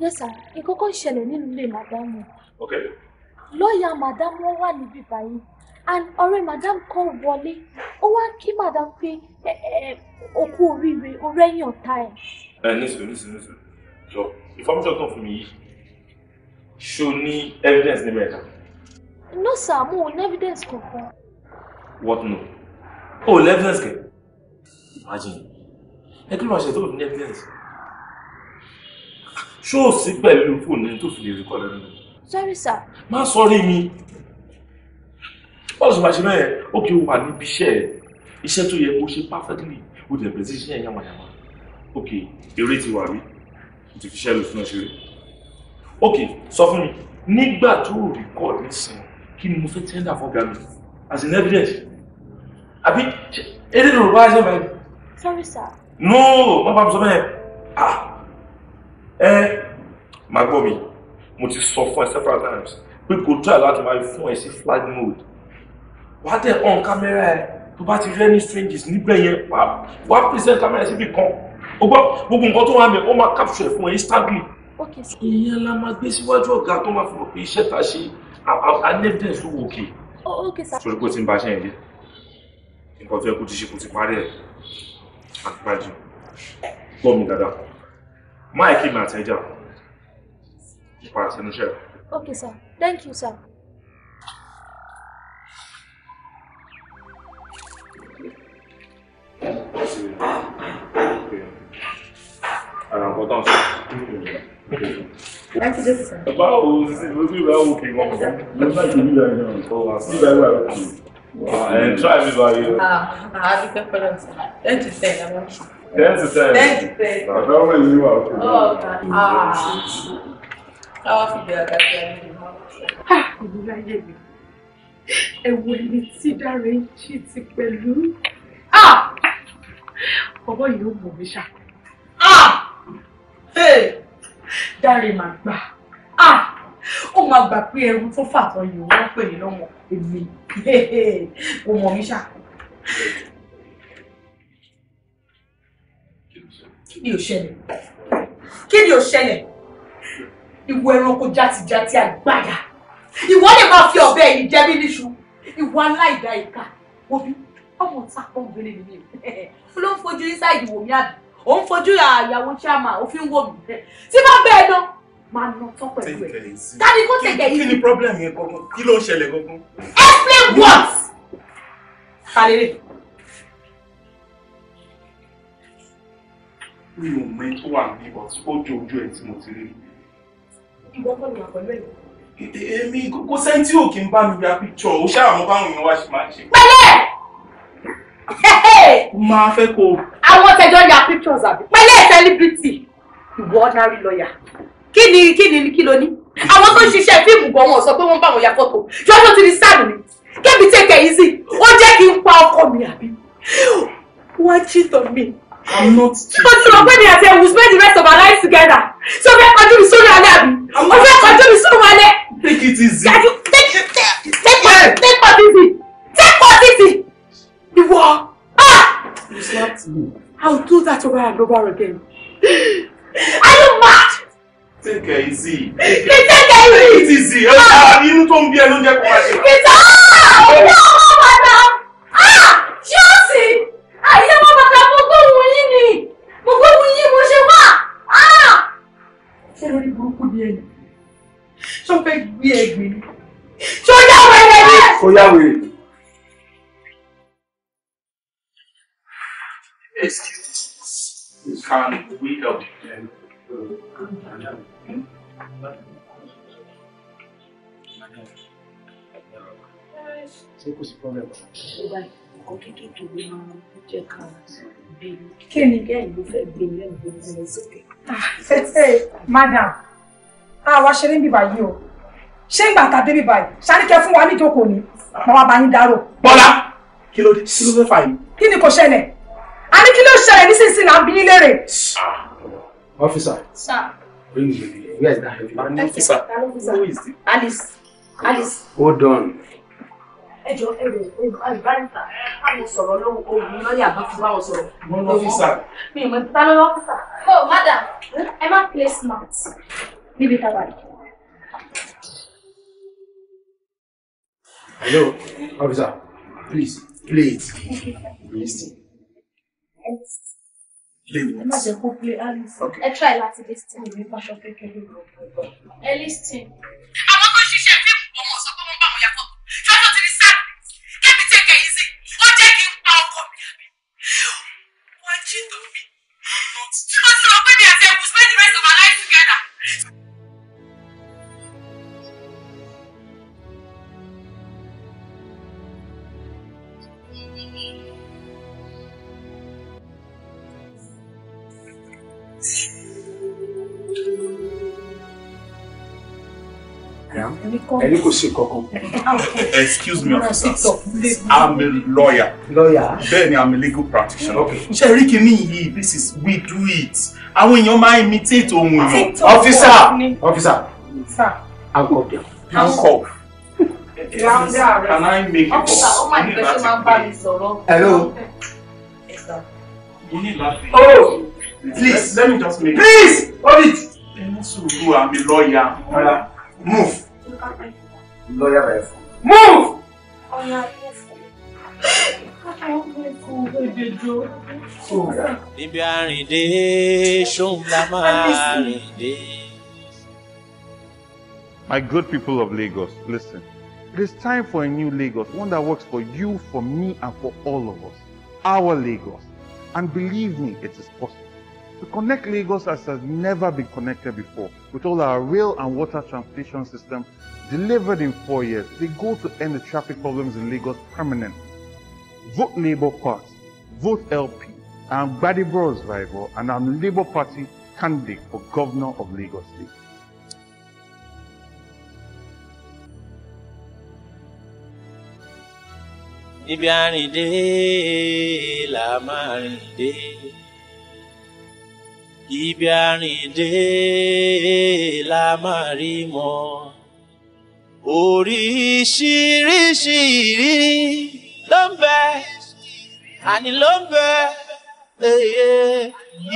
yes sir nǹkan kan ṣẹlẹ̀ nínú ilé màdámù. okay. lọ́ọ̀yà màdámù wà níbí bayi. and ọ̀rẹ́ màdámù kan wọlé ó wá kí màdámù pé òkú oríire orẹ́yìn ọ̀tá ẹ̀. ẹ nísìnyí nísìnyí nísìnyí jọ information tó fún mi yìí ṣó ní evidence ní mẹ́ta. no sir mo ò evidence koko. what no oh, evidence kẹ imagine ẹ kí ló máa evidence ṣó sí pẹ̀lú fóònù tó fi lè rékọ́dù ẹnu. sọ́rí sà. má sọrí mi bọ́ọ̀lù sọ̀rọ̀ àṣẹ ó kì í wà níbi iṣẹ́ iṣẹ́ tó yẹ kó ṣe perfectly ó dẹ̀ bẹ̀rẹ̀ sí iṣẹ́ yẹn yamayama ok eré ti wà rí ti fi ṣẹ́ lò fún ọṣẹ́ rẹ̀ ok sọ fún mi nígbà tó record nísìn kí ni mo fẹ́ tender for gami as in evidence àbí eré ló bá ṣe báyìí. sorry sir. no má bàa sọ bẹ́ẹ̀ ah ẹ. Eh, máa gbọ́ mi mo ti sọ fún ẹ several times pé kò try láti máa fún ẹ sí flight mode wàá tẹ̀ on kámẹ́rà ẹ tó bá ti rí any strangers níbẹ̀ yẹn wàá present kámẹ́rà síbi kan o gbọ́ gbogbo nǹkan tó wà mí ó máa capture ẹ̀ fún ẹ instantly ìyẹn la máa gbé síwájú ọ̀gá tó máa fi mọ̀ pé iṣẹ́ ta ṣe anẹ́fẹ̀ẹ́sì owó òkè sórí kó ti ń ba ṣe yẹn dé nǹkan tó yẹ kó ti ṣe kó ti parí ẹ̀ àgbájú gbọ́ mi dáadáa máa kí mi àtẹ́jà ki fara sanin shi okay sir thank you sir Thank you, ojú ìwé àwọn òkè try mi báyìí. Àá dúpẹ́ pẹ̀lú ọ̀sán. Ten to ten lọ́wọ́. Ten to ten. Ten to ten. Bàbá wẹ̀ yín wà ó. Ọ̀gá káwá fìgbé àgàdì àlejò máa ń sọ. ìlú láyé mi ẹ̀wọ̀ ẹni tí dáre ń jí ti pẹ̀lú ọwọ́ yìí ó mọ̀ mí ṣá. dáre máa gbà ó máa gbà pé ẹrú tó fàtọ́ yìí wọ́n pè ní lọ́wọ́ èmi ó mọ̀ mí ṣá. kí ni ò ṣẹlẹ̀ kí ni ò ṣẹlẹ̀ ìwọ ẹranko játijàti àgbàyà ìwọ lè máa fi ọ̀bẹ yìí jẹ mí níṣu ìwọ aláìdá ìka obi ọmọ ọ̀tá pọ̀ gbélé mi ló ń fojú inside wò mí àbí ò ń fojú àyàwó chairman òfin wò mí tí bá bẹ́ẹ̀ náà máa nà tán pẹ̀lú ẹ̀ tani kò tẹ̀gẹ̀ yìí. kí ni problem yẹn gangan kí ló ń ṣẹlẹ̀ gangan. explain what. kalere. mi ò mọ ẹni tó wà níbọ̀ ó jẹ ojú ẹ̀ tí mo ti rí rí ìwọ kọ́ ni àpẹ̀lú ẹ̀. èmi kókó sẹ́ńtì ò kí ń bá mi gba píkṣọ̀ ó ṣàmú báwọn èèyàn wá ṣe máa ṣe. pẹ̀lẹ́. máa fẹ́ kó. àwọn tẹjọ ya pictures àbí pẹ̀lẹ́ celebrity ìwọ ordinary lawyer kí ni kí ni kí ló ní. àwọn tó ń ṣiṣẹ́ fíìmù gan wọn sọ pé wọ́n bá wọn ya fọ́tò jọ́jọ́ ti ní sáàdù mi kébì take it easy ó jẹ́ kí n pa ọkọ mi àbí wọ́n cheat on me. I'm not cheating. Ó ti mọ̀ pé mi àti spend the rest of our lives together. Ṣé o fẹ́ kọjú mi sórí alẹ́ We're going to be so sórí alẹ́? Take it easy. Take it take take take yeah. take part easy. Take part easy. Ìwọ. Ah! You slapped me. I'll do that over and over again. Are you mad? Take it easy. Take it easy. Take it easy. Inú tó ń bí ẹ ló ń jẹ́ kó máa ṣe. ní ẹ̀yìn ṣó fẹ́ gbé ẹgbẹ́ ni ṣó yá wèrè ni. ó yá wèrè. Excuse me. Can we help you? Ṣé kò sí pọ́blẹ́mù? Ọkọ̀ kékeré ló máa ń jẹ́ ká bí. Kí ni kẹ́hìn ló fẹ́ gbé lẹ́gbẹ̀ẹ́ lọ sókè? Madam àwa ah, ṣeré ń bíbà yìí o ṣé ń gbà tá a dé bíbà yìí ṣáníkẹ́ fún wa níjókòó ni mo wá bá yín dárò. bọ́lá kí ló dé sí ló fẹ́ fà yìí. kí ni kò ṣẹlẹ̀ a ní kí ló ṣẹlẹ̀ nísinsìnyí là ń bí yín léèrè. ọ́fíìsà bring me the where is that heavy man. ọ́fíìsà who is it. alice alice. hold on. ẹjọ ẹjọ àlùbáríkà káwọn sọ̀rọ̀ lóhùn ohun lọ́yà bá fi báwọn sọ̀rọ̀. wọn lọ ọ́fíìsà. mi ò mọ̀ ta ló lọ́fíìsà. oh madam ẹ má play smart níbi táwa hello officer please please, please Please. play what. ẹ má jẹ́ I try alice this time. láti lis sure ní pàṣọ kékeré. ẹ lis ten. ẹni kò ah, excuse me officer i'm a lawyer. lawyer. bẹ́ẹ̀ni i'm a legal practitioner. ṣe rí kíní yìí this is we do it àwọn èèyàn máa imitate ohun èèyàn. officer officer handcuff dem. handcuff. can I make it up? officer ó máa ń gbé ṣe máa ń bá mi sọ̀rọ̀. hello. you need laughing. oh please let me just make. please hold it. I'm a lawyer. move lọ́yà rẹ̀ fún. move. ọ̀yà rẹ̀ fún. níbi àrìndé ṣóun la máa rìndé. My good people of Lagos, listen. It is time for a new Lagos, one that works for you, for me, and for all of us. Our Lagos. And believe me, it is possible. to connect Lagos as has never been connected before, with all our rail and water transportation system delivered in four years, the goal to end the traffic problems in Lagos permanently. Vote Labour Party, vote LP. I'm Badibro's rival and I'm Labour Party candidate for Governor of Lagos State. là ibi àrìndé la máa rí mọ́ oríṣiríṣi ìrírí ló ń bẹ àní ló ń bẹ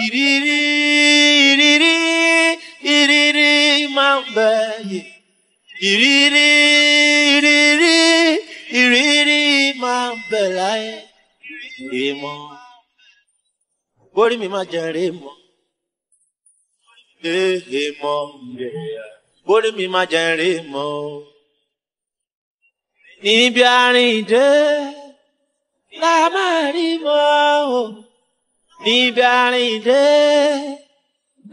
ìrírí ìrírí ìrírí máa ń bẹ ìrírí ìrírí ìrírí máa ń bẹ láyé rèémọ borí mi máa jẹ rèémọ èèyàn mọ́ bórí mi máa jẹ́ rí mọ́ níbi àrìndé la máa rí mọ́ níbi àrìndé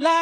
la.